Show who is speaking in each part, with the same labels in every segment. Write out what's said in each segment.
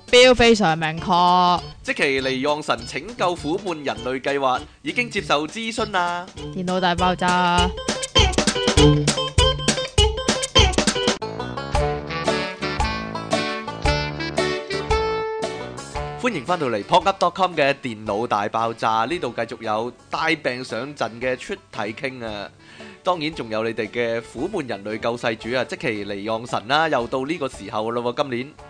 Speaker 1: 目標非常明確，
Speaker 2: 積淇離岸神拯救苦悶人類計劃已經接受諮詢啦。電腦大爆炸，歡迎翻到嚟 podcast.com 嘅電腦大爆炸呢度，繼續有帶病上陣嘅出體 king 啊！當然仲有你哋嘅苦悶人類救世主啊，積淇離岸神啦，又到呢個時候啦喎，今年。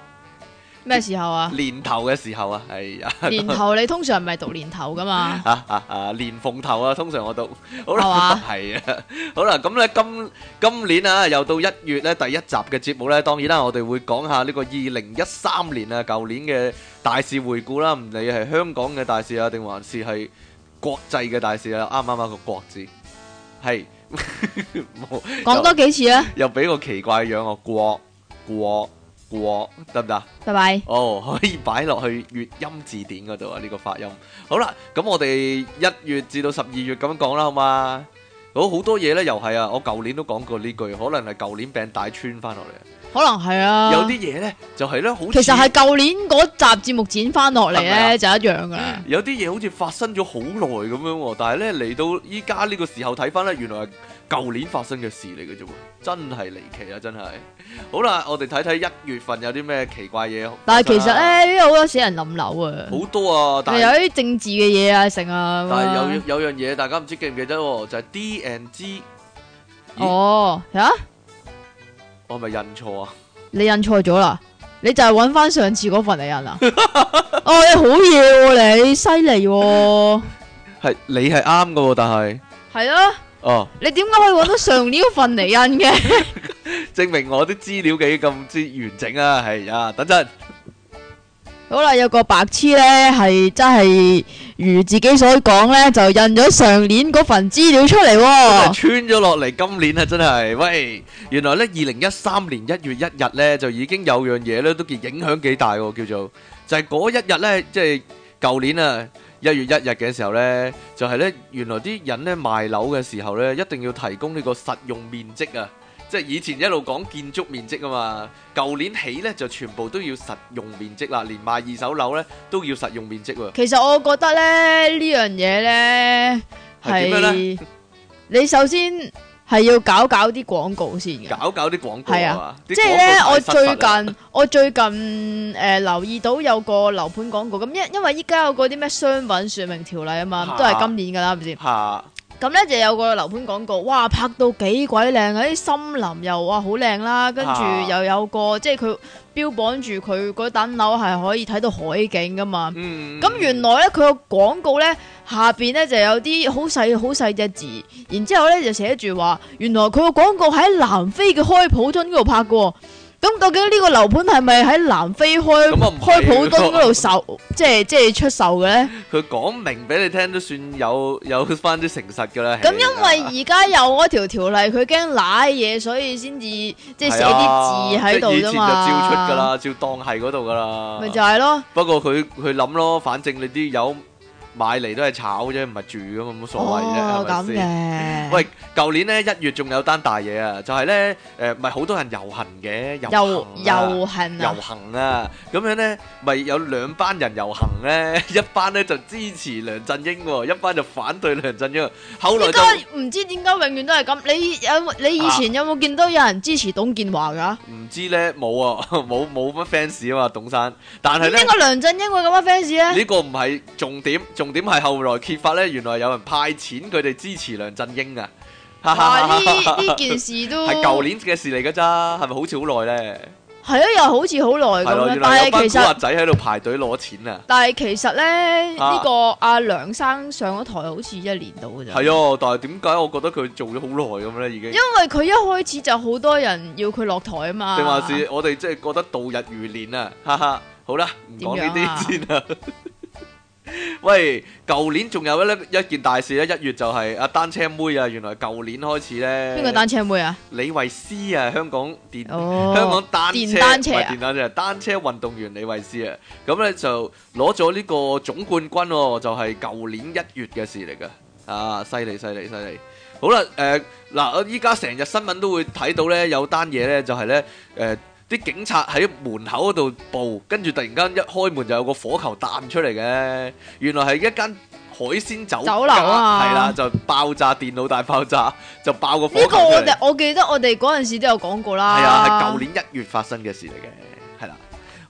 Speaker 1: 咩時候啊？年
Speaker 2: 頭嘅時候啊，係啊！年頭
Speaker 1: 你通常唔係讀年頭噶嘛？
Speaker 2: 啊啊啊！年鳳頭啊，通常我讀係嘛？係啊，好啦，咁咧今今年啊，又到一月咧，第一集嘅節目咧，當然啦，我哋會講下呢個二零一三年啊，舊年嘅大事回顧啦，唔理係香港嘅大事啊，定還是係國際嘅大事啊，啱唔啱啊個國字？係講多幾次啊，又俾個奇怪樣啊國國。得唔得？拜拜。哦，bye bye. Oh, 可以擺落去粵音字典嗰度啊！呢、這個發音。好啦，咁我哋一月至到十二月咁樣講啦，好嘛？好，好多嘢呢又係啊，我舊年都講過呢句，可能係舊年病帶穿翻落嚟。
Speaker 1: 可能係啊。有啲嘢呢
Speaker 2: 就係、是、呢，好。其實係
Speaker 1: 舊年嗰集節目剪翻落嚟呢，是是啊、就一樣噶、
Speaker 2: 嗯。有啲嘢好似發生咗好耐咁樣，但係呢嚟到依家呢個時候睇翻呢，原來。舊年發生嘅事嚟嘅啫喎，真係離奇啊！真係好啦，我哋睇睇一月份有啲咩奇怪嘢，啊。但係其實
Speaker 1: 咧，好，欸，多死人冧樓啊，好
Speaker 2: 多啊，但係有啲
Speaker 1: 政治嘅嘢啊，成啊。但係有
Speaker 2: 有樣嘢，大家唔知記唔記得啊？就係、是、D and G。哦，吓！我係咪印錯啊、， 哦，
Speaker 1: 啊？你印錯咗啦！你就係揾翻上次嗰份嚟印啊！哦，好嘢，你犀利喎！
Speaker 2: 係你係啱嘅，但係
Speaker 1: 係啊。哦，你點解可以搵到上年嗰份嚟印嘅？
Speaker 2: 證明我啲資料幾咁之完整啊！係啊，等陣。
Speaker 1: 好啦，有個白痴咧，係真係如自己所講咧，就印咗上年嗰份資料出嚟喎。咁咪
Speaker 2: 穿咗落嚟今年啊！真係，喂，原來咧，二零一三年一月一日咧，就已經有樣嘢咧，都叫影響幾大嘅，叫做就係嗰一日咧，即係舊年啊。一月一日嘅時候呢，就係呢，原來啲人呢賣樓嘅時候呢，一定要提供呢個實用面積啊！即係以前一路講建築面積啊嘛，舊年起呢，就全部都要實用面積啦，連賣二手樓呢，都要實用面積喎。其
Speaker 1: 實我覺得呢，呢樣嘢呢，係點樣呢？ 你首先。係要搞搞啲廣告先
Speaker 2: 嘅，搞搞啲廣告，係啊，即係咧，我最近
Speaker 1: 我最近誒留意到有個樓盤廣告，咁因因為依家有嗰啲咩商品説明條例啊嘛，哈都係今年噶啦，係咪先哈。是咁咧就有個樓盤廣告，哇拍到幾鬼靚啊！啲森林又哇好靚啦，跟住又有個、啊、即係佢標榜住佢嗰等樓係可以睇到海景噶嘛。咁、嗯、原來咧佢個廣告咧下邊咧就有啲好細好細隻字，然之後咧就寫住話，原來佢個廣告喺南非嘅開普敦嗰度拍嘅、哦。咁究竟呢個樓盤係咪喺南非開開普敦嗰度售， 即係即係出售嘅咧？
Speaker 2: 佢講明俾你聽都算有有翻啲誠實噶啦。咁因為而
Speaker 1: 家有嗰條條例，佢驚賴嘢，所以先至即係寫啲字喺度啫嘛。以前就照出
Speaker 2: 噶啦，照當係嗰度噶啦。咪 就係咯。不過佢佢諗咯，反正你啲有。買嚟都係炒啫，唔係住噶嘛，冇所謂啫，係咪先？喂，舊年咧一月仲有單大嘢啊，就係咧誒，咪好多人遊行嘅遊遊行啊，遊行啊，咁樣咧咪有兩班人遊行咧，一班咧就支持梁振英喎，一班就反對梁振英。依家唔
Speaker 1: 知點解永遠都係咁？你有你以前有冇見到有人支持董建華㗎？唔
Speaker 2: 知咧，冇啊，冇冇乜 fans 啊嘛，董生。但係咧，點解梁
Speaker 1: 振英會咁多 fans 咧？呢
Speaker 2: 個唔係重點，仲。重點係後來揭發咧，原來有人派錢佢哋支持梁振英啊！啊，呢呢件事都係舊 年嘅事嚟噶咋，係咪好似好耐咧？
Speaker 1: 係啊，又好似好耐咁樣。來但係其實，
Speaker 2: 仔喺度排隊攞錢啊！
Speaker 1: 但係其實咧，呢、這個阿梁生上咗台好似一年
Speaker 2: 到噶咋。係 啊，但係點解我覺得佢做咗好耐咁咧？已經因
Speaker 1: 為佢一開始就好多人要佢落台啊嘛。定話是
Speaker 2: 我哋即係覺得度日如年啊！哈哈，好啦，唔講呢啲先啊。 喂，舊年仲有一一一件大事咧，一月就係阿單車妹啊，原來舊年開始咧，邊個單車妹啊？李慧詩啊，香港電，香港單車，單車啊，單車運動員李慧詩啊，咁咧就攞咗呢個總冠軍哦，就係舊年一月嘅事嚟噶，啊，犀利犀利犀利，好啦，誒，嗱，我依家成日新聞都會睇到咧，有單嘢咧就係咧，誒。啲警察喺門口嗰度報，跟住突然間一開門就有個火球彈出嚟嘅，原來係一間海鮮酒酒樓啊，係啦，就爆炸電腦大爆炸，就爆個火球。呢個我哋
Speaker 1: 我記得我哋嗰陣時都有講過啦。係啊，係舊
Speaker 2: 年一月發生嘅事嚟嘅，係啦。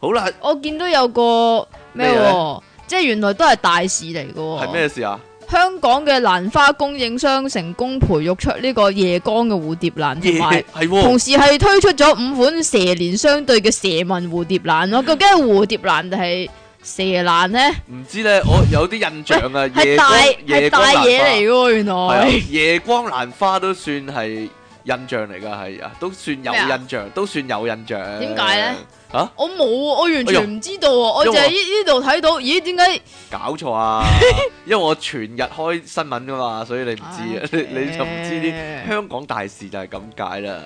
Speaker 2: 好啦，
Speaker 1: 我見到有個咩喎，啊、即係原來都係大事嚟嘅喎。係咩事啊？香港嘅蘭花供應商成功培育出呢個夜光嘅蝴蝶蘭，同埋同時係推出咗五款蛇年相對嘅蛇紋蝴蝶蘭咯。究竟係蝴蝶蘭定係蛇蘭呢？唔
Speaker 2: 知咧，我有啲印象啊。係、欸光欸、大係大嘢嚟
Speaker 1: 喎，原來
Speaker 2: 夜光蘭花都算係印象嚟㗎，係啊，都算有印象，啊、都算有印象。點解呢？
Speaker 1: 啊！我冇，我完全唔知道，呦我就喺呢度睇到，咦？點解？
Speaker 2: 搞錯啊！ 因為我全日開新聞噶嘛，所以你唔知啊，Okay. 你就唔知啲香港大事就係咁解啦。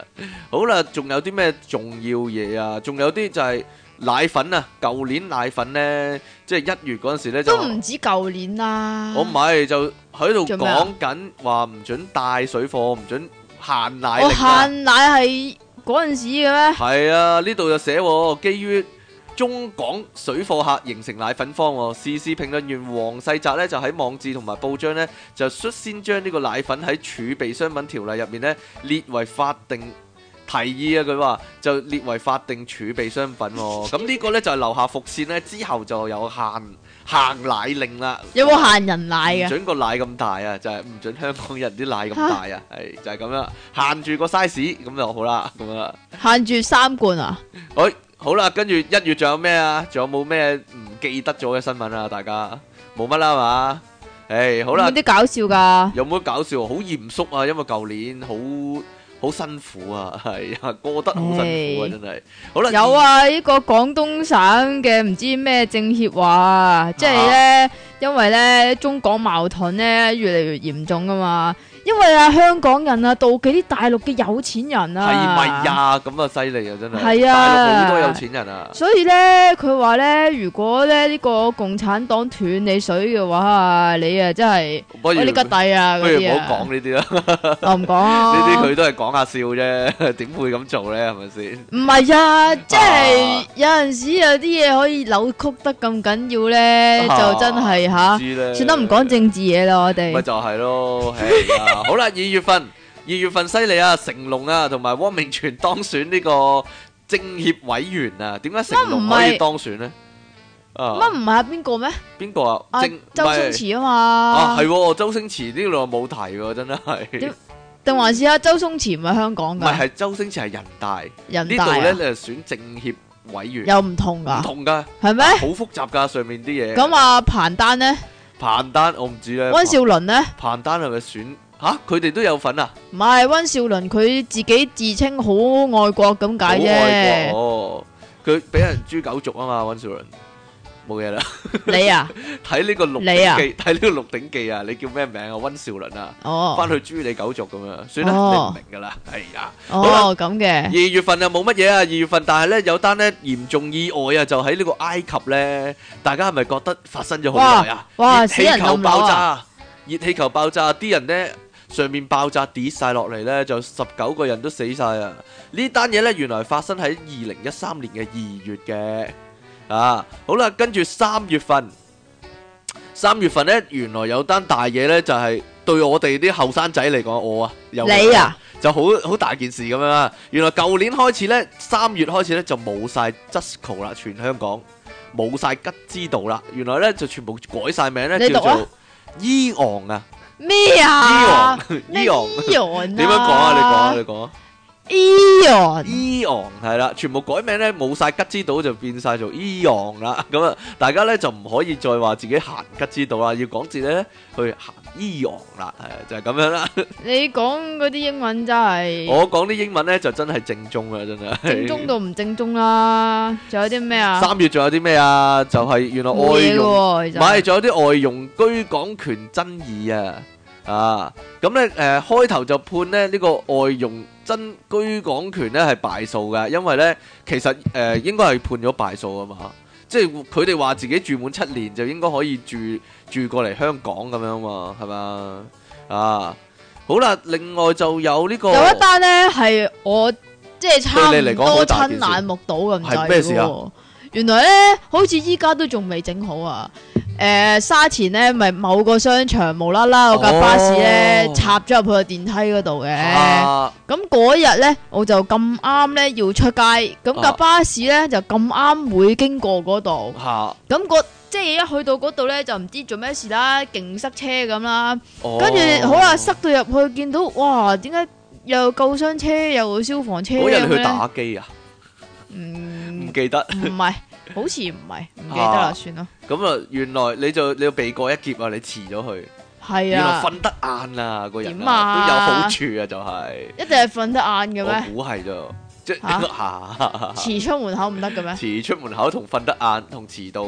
Speaker 2: 好啦，仲有啲咩重要嘢啊？仲有啲就係奶粉啊！舊年奶粉咧，即係一月嗰陣時咧就都唔
Speaker 1: 止舊年啦。我
Speaker 2: 唔係就喺度講緊話唔准帶水貨，唔准限奶令啊。我
Speaker 1: 限奶係。嗰陣時嘅咩？
Speaker 2: 係啊，呢度就寫喎，基於中港水貨客形成奶粉荒。時事評論員黃世澤呢就喺網誌同埋報章呢，就率先將呢個奶粉喺儲備商品條例入面呢列為法定提議啊！佢話就列為法定儲備商品。咁呢 個呢，就係留下伏線呢之後就有限。限奶令啦，有冇
Speaker 1: 限人奶啊？唔準個
Speaker 2: 奶咁大啊，就係、是、唔準香港人啲奶咁大啊，係哈就係咁啦，限住個 size 咁就好啦，咁啊，
Speaker 1: 限住三罐啊。
Speaker 2: 哎、好，好啦，跟住一月仲有咩啊？仲有冇咩唔記得咗嘅新聞啊？大家冇乜啦係嘛，誒、哎、好啦。有啲
Speaker 1: 搞笑㗎？
Speaker 2: 有冇搞笑？好嚴肅啊，因為舊年好。好辛苦啊，係啊，過得好辛苦啊，hey, 真係。好啦，有啊，呢
Speaker 1: 個廣東省嘅唔知咩政協話，即係咧，啊、因為咧中港矛盾咧越嚟越嚴重㗎嘛。因為啊香港人啊妒忌啲大陸嘅有錢人啊係咪呀？
Speaker 2: 咁啊犀利啊真係，係呀，大陸好多有錢人啊。所
Speaker 1: 以咧佢話咧，如果咧呢個共產黨斷你水嘅話啊，你啊真係不如你個弟啊，不如唔好講
Speaker 2: 呢啲啦，我唔講呢啲，佢都係講下笑啫，點會咁做咧係咪先？
Speaker 1: 唔係呀，即係有陣時有啲嘢可以扭曲得咁緊要咧，就真係吓算得唔講政治嘢啦我哋。咪
Speaker 2: 就係咯。好啦，二月份二月份犀利啊，成龍啊，同埋汪明荃當選呢個政協委員啊。點解成龍可以當選呢？乜
Speaker 1: 唔係啊？邊個咩？
Speaker 2: 邊個啊？周周星馳啊
Speaker 1: 嘛？啊係，
Speaker 2: 周星馳呢度冇提噶，真係。
Speaker 1: 定還是啊？周星馳唔係香港噶？唔係，係
Speaker 2: 周星馳係人大。人大呢你咧就選政協委員，又唔
Speaker 1: 同噶，唔同
Speaker 2: 噶，係咩？好複雜噶上面啲嘢。咁阿
Speaker 1: 彭丹呢？
Speaker 2: 彭丹我唔知啦。溫兆倫呢？彭丹係咪選？吓佢哋都有份啊！
Speaker 1: 唔係溫兆倫，佢自己自稱好愛國咁解啫。好
Speaker 2: 愛國，哦，佢俾人誅九族啊嘛！溫兆倫冇嘢啦。你啊，睇呢個《鹿鼎記》，睇呢個《鹿鼎記》啊，你叫咩名啊？溫兆倫啊，哦，翻去誅你九族咁樣！算啦，你唔明噶啦。哎呀，哦咁嘅。二月份又冇乜嘢啊，二月份但係咧有單咧嚴重意外啊，就喺呢個埃及咧，大家係咪覺得發生咗好耐啊？哇！熱氣球爆炸，熱氣球爆炸，啲人咧。上面爆炸跌晒落嚟呢，就十九個人都死晒啊！呢單嘢呢，原來發生喺二零一三年嘅二月嘅。啊，好啦，跟住三月份，三月份呢，原來有單大嘢呢，就係、是、對我哋啲後生仔嚟講，我啊，由我你啊，就好好大件事咁樣啦。原來舊年開始呢，三月開始呢，就冇晒 Jusco 啦，全香港冇晒吉之道啦。原來呢，就全部改晒名呢，叫做伊、e、昂啊。咩啊？Eon，Eon，點樣講啊？你講啊，你講啊。Eon，Eon 係啦，全部改名咧，冇晒吉之島就變晒做 Eon 啦。咁啊，大家咧就唔可以再話自己行吉之島啦，要講字咧去行 Eon 啦。係啊，就係咁樣啦。
Speaker 1: 你講嗰啲英文真係，我
Speaker 2: 講啲英文咧就真係正宗啊，真係。正宗
Speaker 1: 到唔正宗啦？仲有啲咩啊？三
Speaker 2: 月仲有啲咩啊？就係原來外用，唔係，仲有啲外傭居港權爭議啊。啊，咁咧，誒、呃，開頭就判咧呢、這個外傭爭居港權咧係敗訴嘅，因為咧其實誒、呃、應該係判咗敗訴啊嘛，即係佢哋話自己住滿七年就應該可以住住過嚟香港咁樣嘛，係嘛，啊，好啦，另外就有呢、這個有一單
Speaker 1: 咧係我即係差唔多親眼目睹咁滯嘅，係咩事啊、原來咧好似依家都仲未整好啊。誒、呃，沙田咧咪某個商場無啦啦我架巴士咧，oh. 插咗入去個電梯嗰度嘅，咁嗰日咧我就咁啱咧要出街，咁架巴士咧，ah. 就咁啱會經過嗰度，咁，ah. 個即係一去到嗰度咧就唔知做咩事啦，勁塞車咁啦，跟住，oh. 好啊塞到入去見到哇，點解又救傷車又消防車？嗰日你去打
Speaker 2: 機啊？唔、嗯、 記得唔係。
Speaker 1: 好似唔係，唔記得啦，
Speaker 2: 算啦。咁啊，原來你就你要避過一劫啊，你遲咗去。係啊，原來瞓得晏啊，個人都有好處啊，就係。
Speaker 1: 一定係瞓得晏嘅咩？我
Speaker 2: 估係啫，即吓吓吓吓。遲
Speaker 1: 出門口唔得嘅咩？遲
Speaker 2: 出門口同瞓得晏同遲到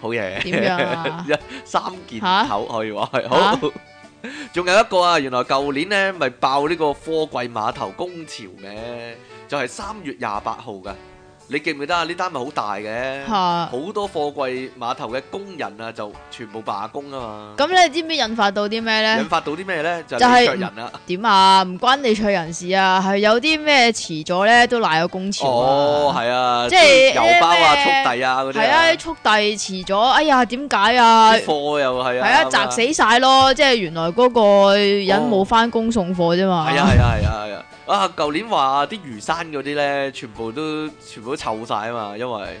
Speaker 2: 好嘢。點樣？一三件頭可以話係好。仲有一個啊，原來舊年咧咪爆呢個貨櫃碼頭工潮嘅，就係三月廿八號噶。你記唔記得啊？呢單咪好大嘅，好多貨櫃碼頭嘅工人啊，就全部罷工啊嘛。咁
Speaker 1: 你知唔知引發到啲咩咧？引發
Speaker 2: 到啲咩咧？就係人啊。
Speaker 1: 點啊？唔關你趣人事啊，係有啲咩遲咗咧都賴有工錢工潮。
Speaker 2: 哦，係啊，即係有包郵包啊、速遞啊嗰啲。係啊，
Speaker 1: 速遞遲咗，哎呀，點解啊？貨
Speaker 2: 又係啊，係啊，砸死
Speaker 1: 晒咯！即係原來嗰個人冇翻工送貨啫嘛。係啊，係
Speaker 2: 啊，係啊。啊！舊年話啲魚山嗰啲咧，全部都全部都臭曬啊嘛，因為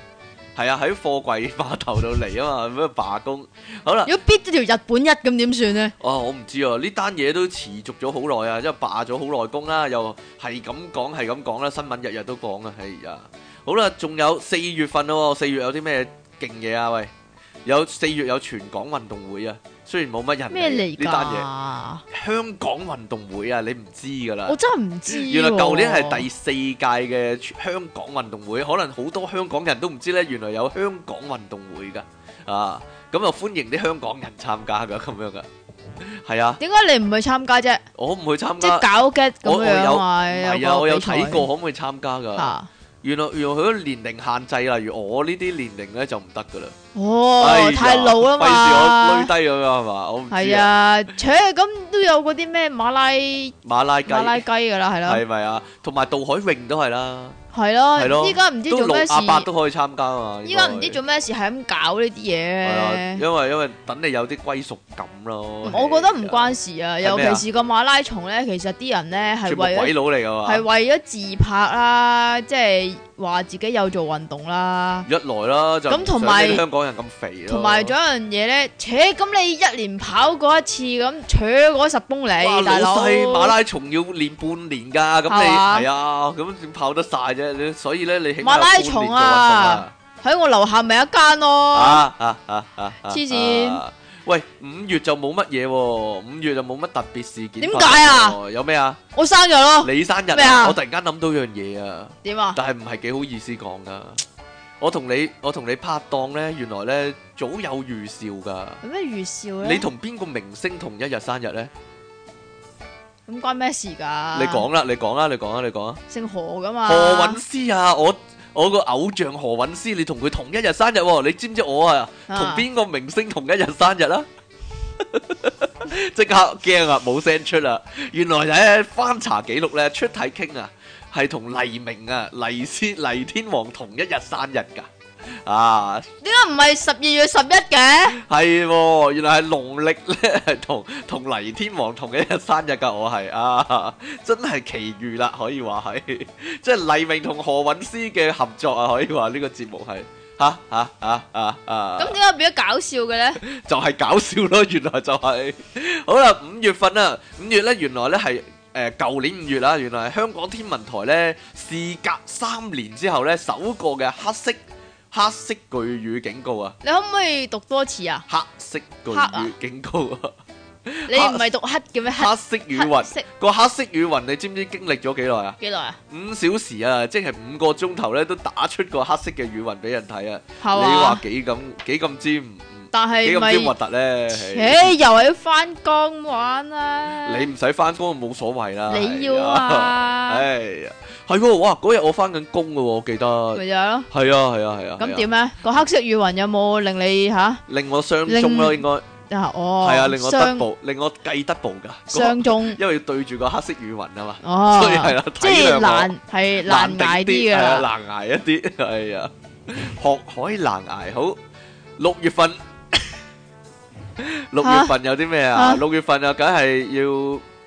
Speaker 2: 係啊，喺貨櫃碼頭度嚟啊嘛，咁啊 罷工。好啦，如果逼咗條日本一
Speaker 1: 咁點算咧？
Speaker 2: 哦、啊，我唔知啊，呢單嘢都持續咗好耐啊，因為罷咗好耐工啦，又係咁講，係咁講啦，新聞日日都講啊，係啊。好啦，仲有四月份啊、哦，四月有啲咩勁嘢啊？喂，有四月有全港運動會啊！雖然冇乜人咩嚟㗎，呢單嘢，香港運動會啊，你唔知㗎啦。我真係唔知，啊。原來舊年係第四屆嘅香港運動會，可能好多香港人都唔知呢，原來有香港運動會㗎。啊，咁又歡迎啲香港人參加㗎，咁樣㗎。係 啊。點
Speaker 1: 解你唔去參加啫？
Speaker 2: 我唔去參加。即搞
Speaker 1: 嘅咁樣，係啊，我有睇過，
Speaker 2: 可唔可以參加㗎？啊原來原來佢個年齡限制，例如我呢啲年齡咧就唔得噶啦。哦，哎、呀太老啊嘛，費事 我累低咗啦係嘛？我唔知啊。
Speaker 1: 切，咁都有嗰啲咩馬拉
Speaker 2: 馬拉雞馬拉雞噶啦，係啦。係咪啊？同埋渡海泳都係啦。
Speaker 1: 係咯，依家唔知做咩事，阿伯都
Speaker 2: 可以參加啊嘛！依家唔知做
Speaker 1: 咩事，係咁搞呢啲嘢。係
Speaker 2: 啊，因為因為等你有啲歸屬感咯。我覺
Speaker 1: 得唔關事啊，尤其是個馬拉松咧，其實啲人咧係為咗係為咗自拍啦，即係話自己有做運動啦。
Speaker 2: 一來啦，就同埋香港人咁肥，啊。同埋
Speaker 1: 仲有樣嘢咧，扯咁你一年跑過一次咁，取嗰十公里，大佬馬拉
Speaker 2: 松要練半年㗎，咁你係啊，咁先跑得晒啫。所以咧，你起馬拉松啊
Speaker 1: 喺我樓下咪一間咯。啊啊啊
Speaker 2: 啊！黐線！喂，五月就冇乜嘢喎，五月就冇乜特別事件。點解啊？有咩啊？
Speaker 1: 我生日咯。你
Speaker 2: 生日咩啊？我突然間諗到一樣嘢啊。點啊？但係唔係幾好意思講㗎？我同你，我同你拍檔咧，原來咧早有預兆㗎。有
Speaker 1: 咩預兆咧？你同
Speaker 2: 邊個明星同一日生日咧？
Speaker 1: 咁關咩事噶？你講啦，
Speaker 2: 你講啦，你講啦，你講啊！
Speaker 1: 姓何噶嘛？何韻
Speaker 2: 詩啊，我我個偶像何韻詩，你同佢同一日生日喎，啊，你知唔知我啊同邊、啊、個明星同一日生日啦？即刻驚啊，冇 聲、啊、出啦、啊！原來喺、欸、翻查記錄咧出體傾啊，係同黎明啊黎 Sir 黎天王同一日生日噶。啊！
Speaker 1: 點解唔係十二月十一嘅？
Speaker 2: 係，原來係農曆咧，係同同黎天王同一日生日噶。我係啊，真係奇遇啦，可以話係即係黎明同何韻詩嘅合作啊，可以話呢個節目係吓吓吓吓啊！
Speaker 1: 咁點解變咗搞笑嘅咧？
Speaker 2: 就係搞笑咯，原來就係好啦。五月份啦，五月咧，原來咧係誒舊年五月啦，原來香港天文台咧，事隔三年之後咧，首個嘅黑色。黑色巨雨警告啊！
Speaker 1: 你可唔可以讀多次啊？黑
Speaker 2: 色巨雨警告啊！啊
Speaker 1: 黑你唔係讀黑嘅咩？黑色雨雲，個黑
Speaker 2: 色雨雲色你知唔知經歷咗幾耐啊？幾耐啊？五小時啊，即係五個鐘頭咧，都打出個黑色嘅雨雲俾人睇啊！啊你話幾咁幾咁尖？
Speaker 1: 但係咪？核突，又係要翻工玩啊！
Speaker 2: 你唔使翻工，冇所謂啦。你要啊？係啊，係喎，哇！嗰日我翻緊工噶，我記得。咪就係咯。係啊，係啊，係啊。咁點咧？
Speaker 1: 個黑色雨雲有冇令你吓？
Speaker 2: 令我相中啦，應該。
Speaker 1: 哦。係啊，令我得步，
Speaker 2: 令我計得步噶。相中。因為要對住個黑色雨雲啊嘛。哦。所以係啦，即
Speaker 1: 係難，係難捱啲噶。係啊，
Speaker 2: 難捱一啲。係啊，學海難捱，好六月份。六月份有啲咩啊？六月份啊，梗係要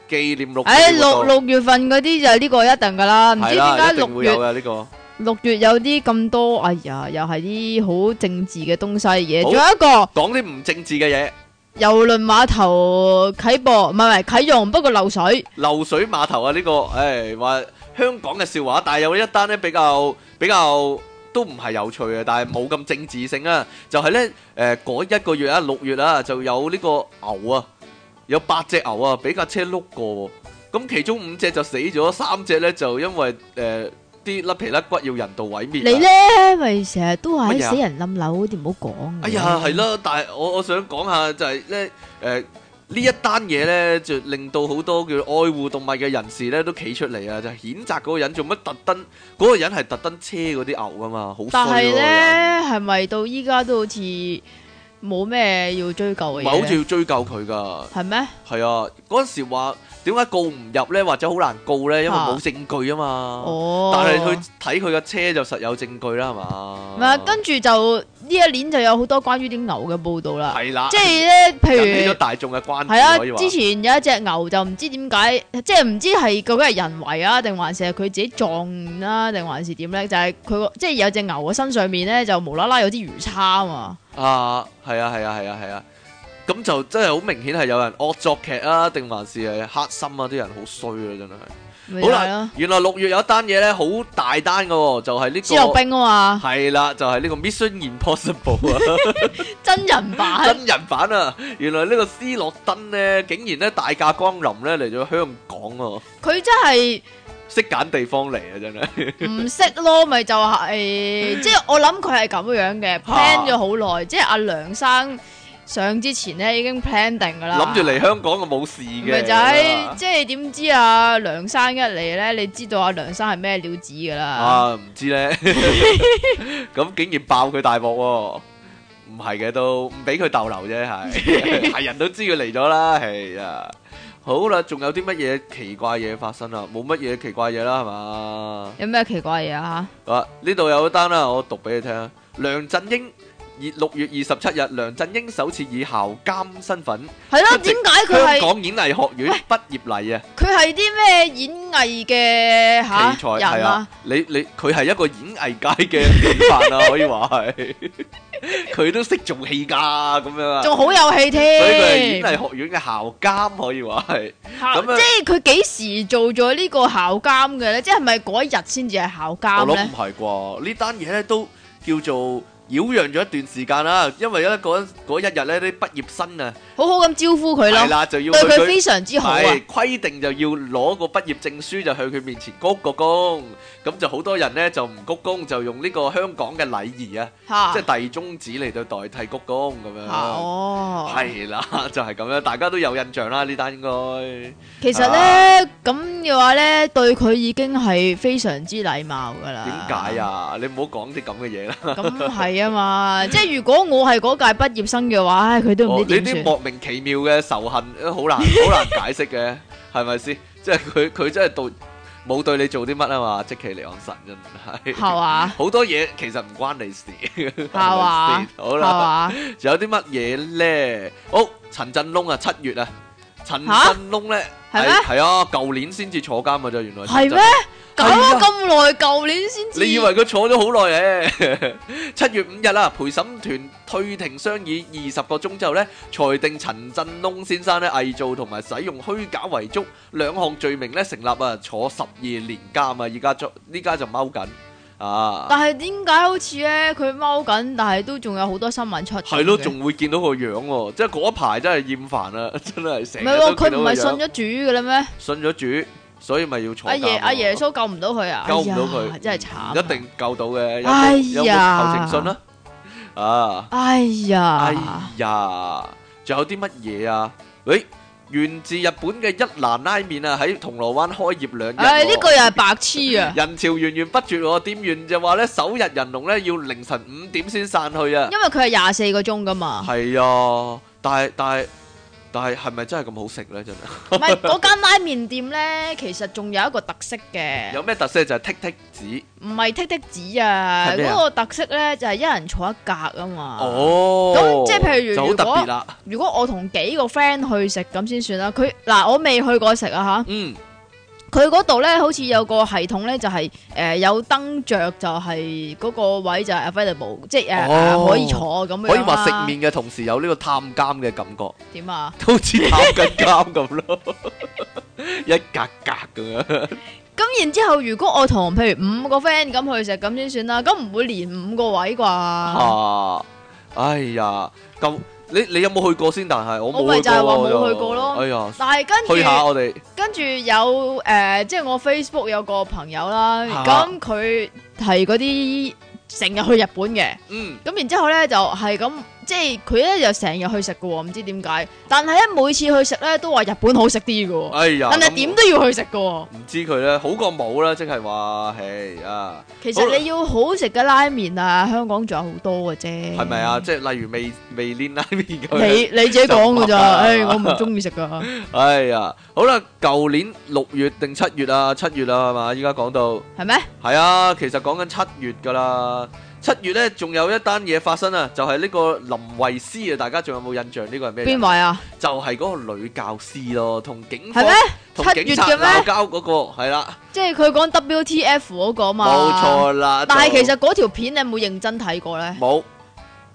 Speaker 2: 紀念六。誒，六六
Speaker 1: 月份嗰啲就呢個一定噶啦，唔知點解六月。呢個六月有啲咁多，哎呀，又係啲好政治嘅東西嘢。仲有一
Speaker 2: 個講啲唔政治嘅嘢。
Speaker 1: 郵輪碼頭啟播，唔係唔係啟用，不過漏水。
Speaker 2: 漏水碼頭啊，呢個誒話香港嘅笑話，但係有一單咧比較比較。都唔係有趣嘅，但係冇咁政治性啊！就係呢，誒嗰一個月啊，六月啊，就有呢個牛啊，有八隻牛啊，俾架車碌過，咁其中五隻就死咗，三隻呢就因為誒啲甩皮甩骨要人道毀滅啊。你呢
Speaker 1: 咪成日都話死人冧樓嗰啲唔好講。哎呀，
Speaker 2: 係咯，但係我我想講下就係呢。誒。呢一單嘢呢，就令到好多叫愛護動物嘅人士呢都企出嚟啊，就譴責嗰個人做乜特登，嗰個人係特登車嗰啲牛噶嘛，好衰啊！但係呢，
Speaker 1: 係咪到依家都好似冇咩要追究嘅，好似要
Speaker 2: 追究佢噶？係咩？係啊！嗰陣時話點解告唔入咧，或者好難告咧，因為冇證據啊嘛。哦，但係去睇佢嘅車就實有證據啦，係嘛？咁啊，跟
Speaker 1: 住就呢一年就有好多關於啲牛嘅報道啦。係啦，即係咧，譬如引起咗大
Speaker 2: 眾嘅關係啊。係啊，之前
Speaker 1: 有一隻牛就唔知點解，即係唔知係究竟係人為啊，定還是係佢自己撞啦，定還是點咧？就係佢即係有隻牛嘅身上面咧，就無啦啦有啲魚叉啊嘛！
Speaker 2: 啊，係啊，係啊，係啊，係啊！咁就真係好明顯係有人惡作劇啊，定還是係黑心啊？啲人好衰啊，真係。
Speaker 1: 好啦，
Speaker 2: 原來六月有一單嘢咧，好大單嘅，就係呢個。斯諾兵啊嘛，係啦，就係呢個 Mission Impossible 啊，
Speaker 1: 真人版，
Speaker 2: 真人版啊！原來呢個斯諾登咧，竟然咧大駕光臨咧嚟咗香港哦。佢真係識揀地方嚟啊！真係唔
Speaker 1: 識咯，咪就係即係我諗佢係咁樣嘅 plan 咗好耐，即係阿梁生。上之前咧已經 plan 定噶啦，諗住嚟
Speaker 2: 香港就冇事嘅，咪仔，
Speaker 1: 即係點知阿梁生一嚟咧，你知道阿梁生係咩料子噶啦？啊，唔
Speaker 2: 知咧，咁竟然爆佢大鑊喎，唔係嘅都唔俾佢逗留啫，係係人都知佢嚟咗啦，係啊，好啦，仲有啲乜嘢奇怪嘢發生啊？冇乜嘢奇怪嘢啦，係嘛？
Speaker 1: 有咩奇怪嘢啊？
Speaker 2: 啊，呢度有一單啦，我讀俾你聽，梁振英。二六月二十七日，梁振英首次以校監身份係咯？點解佢係香港演藝學院畢業禮啊？
Speaker 1: 佢係啲咩演藝嘅吓人啊？
Speaker 2: 你你佢係一個演藝界嘅典範啊？可以話係，佢都識做戲噶咁樣，仲好有戲添。所以佢係演藝學院嘅校監，可以話係。咁即係
Speaker 1: 佢幾時做咗呢個校監嘅咧？即係咪嗰一日先至係校監咧？我諗唔
Speaker 2: 係啩？呢單嘢咧都叫做。擾攘咗一段時間啦，因為咧嗰嗰一日咧啲畢業生啊，
Speaker 1: 好好咁招呼佢咯，對佢非常之好啊。
Speaker 2: 規定就要攞個畢業證書就向佢面前鞠個躬，咁就好多人咧就唔鞠躬，就用呢個香港嘅禮儀啊，即係遞中指嚟對代替鞠躬咁樣。哦，
Speaker 1: 係
Speaker 2: 啦，就係咁樣，大家都有印象啦呢單應該。其實咧
Speaker 1: 咁嘅話咧，對佢已經係非常之禮
Speaker 2: 貌噶啦。點解啊？你唔好講啲咁嘅嘢啦。咁
Speaker 1: 係啊。啊嘛，即係如果我係嗰屆畢業生嘅話，佢都唔知點算。呢啲、哦、莫
Speaker 2: 名其妙嘅仇恨好難好難解釋嘅，係咪先？即係佢佢真係對冇對你做啲乜啊嘛，即係離岸神真唔係。係嘛，好、啊、多嘢其實唔關你事。係嘛，好啦，仲有啲乜嘢咧？好陳振聰啊，七月啊。陳振聰咧係咩？係啊，舊年先至坐監嘛，咋原來係咩？
Speaker 1: 咁啊，咁耐，舊年先至。你以
Speaker 2: 為佢坐咗好耐誒？七月五日啦，陪審團退庭商議二十個鐘之後咧，裁定陳振聰先生咧偽造同埋使用虛假遺囑兩項罪名咧成立啊，坐十二年監啊，而家在呢家就踎緊。啊！但
Speaker 1: 係點解好似咧佢踎緊，但係都仲有好多新聞出？係咯，仲
Speaker 2: 會見到個樣，即係嗰一排真係厭煩啦，真係成日都見到個樣。唔係喎，佢唔係信咗
Speaker 1: 主㗎啦咩？
Speaker 2: 信咗主，所以咪要坐監。阿爺阿
Speaker 1: 耶穌救唔到佢啊？救唔到佢，真係慘。
Speaker 2: 一定救到嘅，有有冇求情信啦？啊！哎呀！哎呀！仲有啲乜嘢啊？喂！源自日本嘅一蘭拉麵啊，喺銅鑼灣開業兩日呢、哎呢個又係白痴啊！人潮源源不絕喎，店員就話呢，首日人龍呢要凌晨五點先散去啊。因
Speaker 1: 為佢係廿四個鐘噶嘛。
Speaker 2: 係啊，但係但係。但係係咪真係咁好食咧？真 係。唔係嗰
Speaker 1: 間拉麵店咧，其實仲有一個特色嘅。
Speaker 2: 有咩特色？就係剔剔子。
Speaker 1: 唔係剔剔子啊！嗰、啊、個特色咧就係、是、一人坐一格啊嘛。哦。咁
Speaker 2: 即係譬如如果好特別啦，
Speaker 1: 如果我同幾個 friend 去食咁先算啦。佢嗱，我未去過食啊嚇。嗯。佢嗰度咧，好似有個系統咧，就係誒有燈著就係嗰個位就係 available，即係誒可以坐咁樣。可以話食麵
Speaker 2: 嘅同時有呢個探監嘅感覺。
Speaker 1: 點啊？好
Speaker 2: 似探緊監咁咯，一格格咁樣。
Speaker 1: 咁然之後，如果我同譬如五個 friend 咁去食，咁先算啦。咁唔會連五個位啩？嚇！
Speaker 2: 哎呀，咁～你你有冇去過先？但係我冇去過咯。過就哎呀！但係跟住
Speaker 1: 跟住有誒，即、呃、係、就係、我 Facebook 有個朋友啦，咁佢係嗰啲成日去日本嘅。嗯。咁然之後咧，就係咁。即係佢咧，就成日去食嘅，唔知點解。但係咧，每次去食咧，都話日本好食啲嘅。哎呀，但係點都要去食嘅。唔
Speaker 2: 知佢咧，好過冇啦，即係話，係啊。其實你要
Speaker 1: 好食嘅拉麵啊，香港仲有好多嘅啫。係咪啊？
Speaker 2: 即係例如味味鏈拉麵咁。你你自己講嘅咋？唉，我唔中意食噶。哎呀，好啦，舊年六月定七月啊？七月啦，係嘛？依家講到係咩？係啊，其實講緊七月噶啦。七月咧，仲有一單嘢發生啊，就係、是、呢個林慧思啊，大家仲有冇印象？呢個係咩？邊位啊？就係嗰個女教師咯，同警，嗎警察咩？同警察打交嗰個係啦，
Speaker 1: 即係佢講 WTF 嗰個嘛？冇錯
Speaker 2: 啦。但係其實
Speaker 1: 嗰條片你有冇認真睇過咧？
Speaker 2: 冇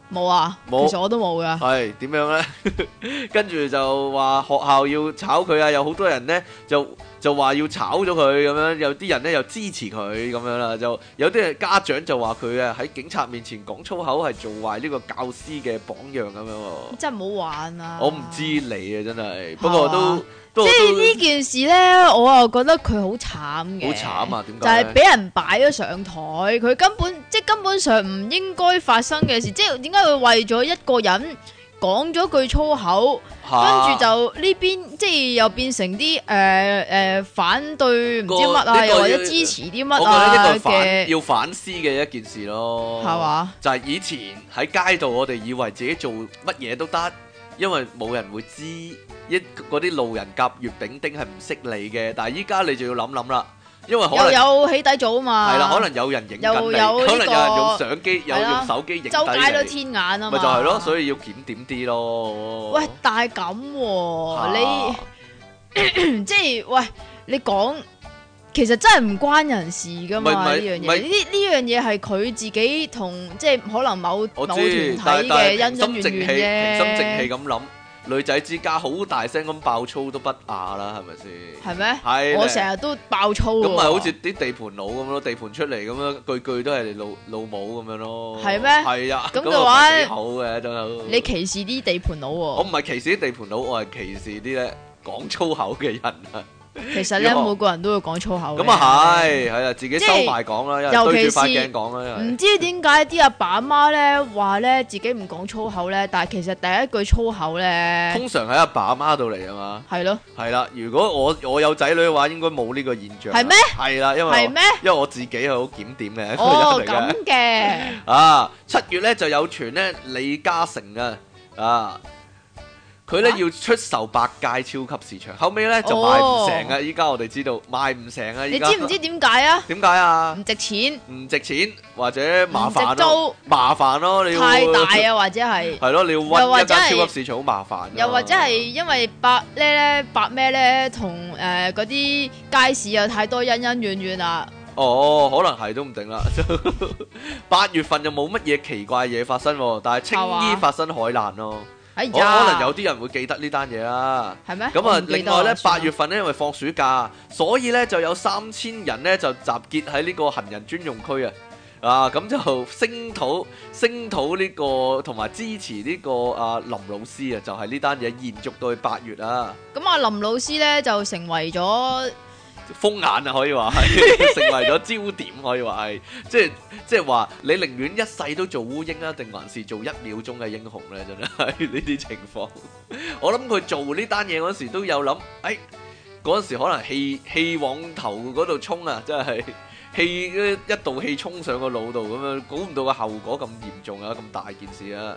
Speaker 2: 沒，
Speaker 1: 冇啊，其實我都
Speaker 2: 冇噶。係點樣咧？ 跟住就話學校要炒佢啊，有好多人咧就。就話要炒咗佢咁樣，有啲人咧又支持佢咁樣啦，就有啲人家長就話佢啊喺警察面前講粗口，係做壞呢個教師嘅榜樣咁樣真
Speaker 1: 係唔好玩
Speaker 2: 啊！我唔知你啊，真係，不過都，啊、都，都即係呢
Speaker 1: 件事咧，我又覺得佢好慘嘅。好慘啊！
Speaker 2: 點解？就係俾人
Speaker 1: 擺咗上台，佢根本即係根本上唔應該發生嘅事，即係點解佢為咗一個人？講咗句粗口，跟住、啊、就呢邊即係又變成啲誒誒反
Speaker 2: 對唔知乜啊，又或者支持啲乜啊嘅，個反的要反思嘅一件事咯，係嘛吧？就係以前喺街度，我哋以為自己做乜嘢都得，因為冇人會知一嗰啲路人甲、乙丙丁係唔識你嘅，但係依家你就要諗諗啦。因為又有
Speaker 1: 起底組啊嘛，係啦，可
Speaker 2: 能有人影緊你，可能有人用相機，有用手機影低，周街都天
Speaker 1: 眼啊嘛，咪就係咯，所
Speaker 2: 以要檢點啲咯。喂，
Speaker 1: 但係咁，你即係喂，你講其實真係唔關人事㗎嘛，呢樣嘢，呢呢樣嘢係佢自己同即係可能某某團體嘅恩恩怨怨啫。平心靜氣，
Speaker 2: 咁諗。女仔之家好大聲咁爆粗都不雅啦，係咪先？
Speaker 1: 係咩的？係。我成日都爆粗㗎。咁咪好似
Speaker 2: 啲地盤佬咁咯，地盤出嚟咁樣，句句都係你老老母咁樣咯。係咩嗎？係啊的！咁嘅話好嘅都。你
Speaker 1: 歧視啲地盤佬喎，啊？我
Speaker 2: 唔係歧視啲地盤佬，我係歧視啲咧講粗口嘅人啊！
Speaker 1: 其實咧，每個人都會講粗口。咁啊係，係啊，自己收埋講啦，尤其是對住塊鏡講啦。唔知點解啲阿爸阿媽咧，話咧自己唔講粗口咧，但係其實第一句粗口咧，通
Speaker 2: 常喺阿爸阿媽度嚟啊嘛。係咯，係啦。如果我我有仔女嘅話，應該冇呢個現象。係咩？係啦，因為係咩？因為我自己係好檢點嘅。哦，咁
Speaker 1: 嘅。
Speaker 2: 啊，七月咧就有傳咧，李嘉誠啊，啊。佢咧、啊、要出售百佳超級市場，後尾咧、哦、就賣唔成，買成知知啊！依家我哋知道賣唔成啊！你知唔知
Speaker 1: 點解啊？
Speaker 2: 點解啊？唔值錢，唔值錢，或者麻煩，值租麻煩咯！你要太大啊，或者係係咯，你要搵一間超級市場好麻煩。又或者係
Speaker 1: 因為百咧咧百咩咧同誒嗰啲街市又太多恩恩怨怨啦。
Speaker 2: 哦，可能係都唔定啦。八 月份又冇乜嘢奇怪嘢發生，但係青衣發生海難咯。啊
Speaker 1: 哎、我可能有
Speaker 2: 啲人會記得呢單嘢啦，係咩？咁啊，另外咧，八了月份咧，因為放暑假，所以呢就有三千人呢就集結喺呢個行人專用區啊，啊咁、嗯、就聲討聲討呢個同埋支持呢、這個啊林老師啊，就係呢單嘢延續到去八月啊。
Speaker 1: 咁啊、嗯，林老師呢就成為咗。
Speaker 2: 瘋眼啊，可以話係成為咗焦點，可以話係即係即係話，你寧願一世都做烏蠅啊，定還是做一秒鐘嘅英雄咧？真係呢啲情況， 我諗佢做呢單嘢嗰時都有諗，哎，嗰時可能氣氣往頭嗰度衝啊，真係氣一度道氣衝上個腦度咁樣，估唔到個後果咁嚴重啊，咁大件事啊！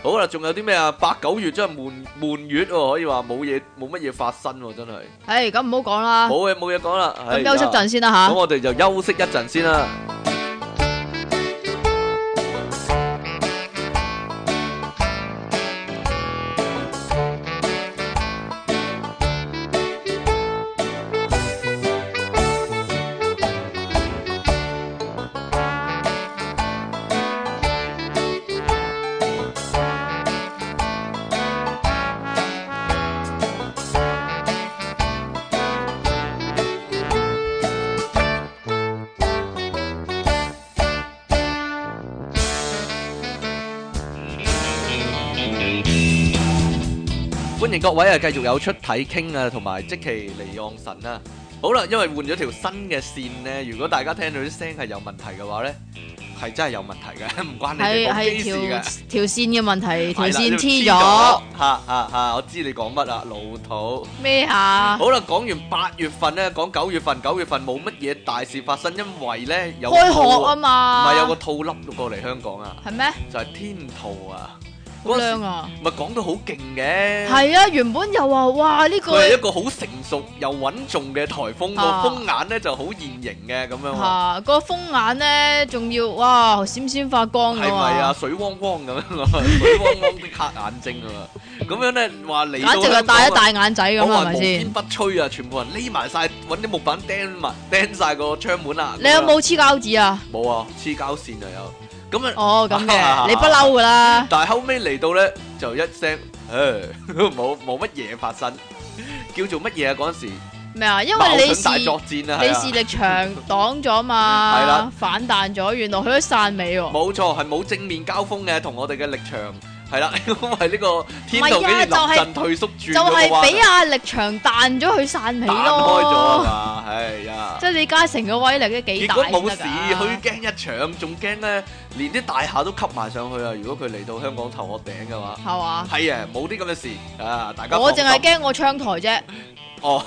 Speaker 2: 好啦，仲有啲咩啊？八九月真係悶悶月喎，可以話冇嘢冇乜嘢發生喎，真係。誒、
Speaker 1: hey,，咁唔好講啦。冇
Speaker 2: 嘢，冇嘢講啦。咁休息陣先啦、啊、嚇。咁、啊、我哋就休息一陣先啦、啊。各位啊，繼續有出體 King 啊，同埋積淇離岸神啊！好啦，因為換咗條新嘅線咧，如果大家聽到啲聲係有問題嘅話咧，係真係有問題嘅，唔關你哋嘅機事嘅。係係條
Speaker 1: 條線嘅問題，條線黐咗。
Speaker 2: 嚇嚇嚇！我知你講乜啦，老土咩嚇？好啦，講完八月份咧，講九月份，九月份冇乜嘢大事發生，因為咧有開學啊嘛，唔係有個套粒過嚟香港啊？係咩？就係天兔啊！嗰陣、那個、好靚啊，唔係講到好勁嘅，係
Speaker 1: 啊，原本又話，哇，呢、呢個係一個
Speaker 2: 好成熟又穩重嘅颱風個風眼咧，就好現形嘅咁樣。嚇，
Speaker 1: 個風眼咧仲要，哇，閃閃發光嘅係啊，
Speaker 2: 水汪汪咁啊，水汪汪啲黑眼睛啊，咁 樣咧話嚟到簡直係戴一大眼
Speaker 1: 仔咁係咪先？天
Speaker 2: 不吹啊，係咪全部人匿埋晒，揾啲木板釘埋釘晒個窗門啊！你有冇黐膠紙啊？冇啊，黐膠線就有。咁啊！
Speaker 1: 哦，咁嘅，你不嬲噶啦。
Speaker 2: 但係後尾嚟到咧，就一聲，誒，冇冇乜嘢發生，叫做乜嘢啊？嗰陣時
Speaker 1: 咩啊？因為你視你視力場擋咗嘛，係啦，反彈咗，原來佢都散尾喎。
Speaker 2: 冇錯，係冇正面交鋒嘅，同我哋嘅力場。係啦， 因為呢、這個、啊、天台已經六退縮住就係俾阿
Speaker 1: 力場彈咗佢散尾咯。打開咗 啊，
Speaker 2: 係啊。即係李
Speaker 1: 嘉誠嘅威力幾大冇事，佢
Speaker 2: 驚 一場，仲驚咧連啲大廈都吸埋上去啊！如果佢嚟到香港頭殼頂嘅話，係嘛？係啊，冇啲咁嘅事啊！大家我淨係
Speaker 1: 驚我窗台啫。
Speaker 2: 哦，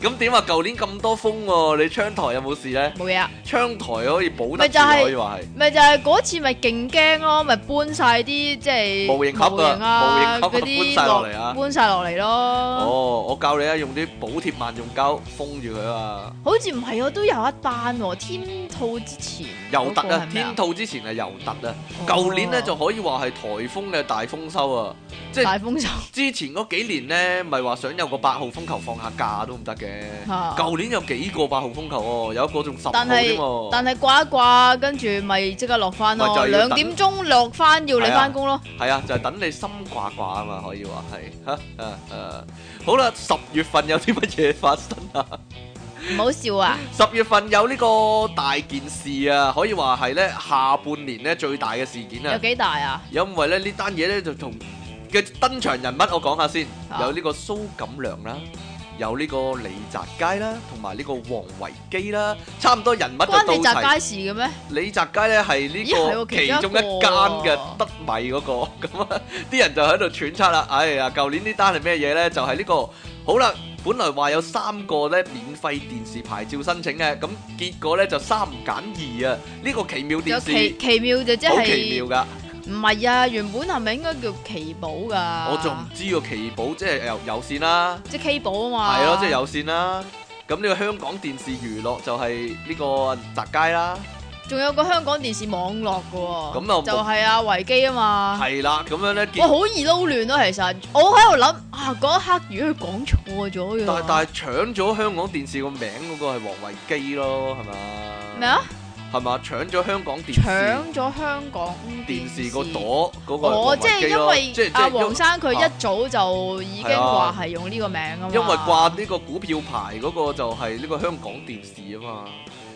Speaker 2: 咁點話？舊年咁多風喎，你窗台有冇事咧？冇嘢啊，窗台可以補得，可以話係。咪
Speaker 1: 就係嗰次咪勁驚咯，咪搬晒啲即係模型啊、模型嗰啲落嚟啊，搬晒落嚟咯。哦，
Speaker 2: 我教你啊，用啲補貼萬用膠封住佢啊。
Speaker 1: 好似唔係啊，都有一單天兔之前尤特啊，天
Speaker 2: 兔之前係尤特啊。舊年咧就可以話係颱風嘅大豐收啊，
Speaker 1: 即係大豐收。
Speaker 2: 之前嗰幾年咧，咪話想有個八號風球。放下假都唔得嘅，舊年有幾個八號風球哦，有一個仲十號添喎。但
Speaker 1: 係掛一掛，跟住咪即刻落翻咯，兩點鐘落翻要你翻工咯。
Speaker 2: 係啊，就係等你心掛掛啊嘛，可以話係吓，誒誒，好啦，十月份有啲乜嘢發生啊？唔好笑啊！十月份有呢個大件事啊，可以話係咧下半年咧最大嘅事件啊。有幾大啊？因為咧呢單嘢咧就同嘅登場人物我講下先，有呢個蘇錦良啦。有呢個李澤楷啦，同埋呢個王維基啦，差唔多人物都到齊。關李澤楷事嘅咩？李澤楷咧係呢個其中一間嘅得米嗰、那個咁啊，啲 人就喺度揣測啦。哎呀，舊年單呢單係咩嘢咧？就係、是、呢、這個好啦，本來話有三個咧免費電視牌照申請嘅，咁結果咧就三揀二啊。呢、這個奇妙電視，
Speaker 1: 奇妙就真係好奇妙㗎。唔係啊，原本係咪應該叫奇寶噶？我仲
Speaker 2: 唔知個奇寶即係有有線啦、啊
Speaker 1: 啊，即係 K 寶啊嘛。係咯，即係有
Speaker 2: 線啦、啊。咁呢個香港電視娛樂就係呢、這個雜街啦。
Speaker 1: 仲有個香港電視網絡噶、啊，
Speaker 2: 咁又、嗯、就係
Speaker 1: 啊維基啊嘛。
Speaker 2: 係啦、啊，咁樣咧，我好易
Speaker 1: 撈亂咯。其實我喺度諗啊，嗰一刻如果佢講錯咗嘅，但係
Speaker 2: 但係搶咗香港電視名、那個名嗰個係王維基咯，係咪？咩啊？係嘛？搶咗香港電視，
Speaker 1: 咗香港
Speaker 2: 電視，電視朵個朵嗰個哦，即係因為阿是為黃生佢一
Speaker 1: 早就已經話係、啊、用呢個名啊嘛，因為掛
Speaker 2: 呢個股票牌嗰個就係呢個香港電視啊嘛。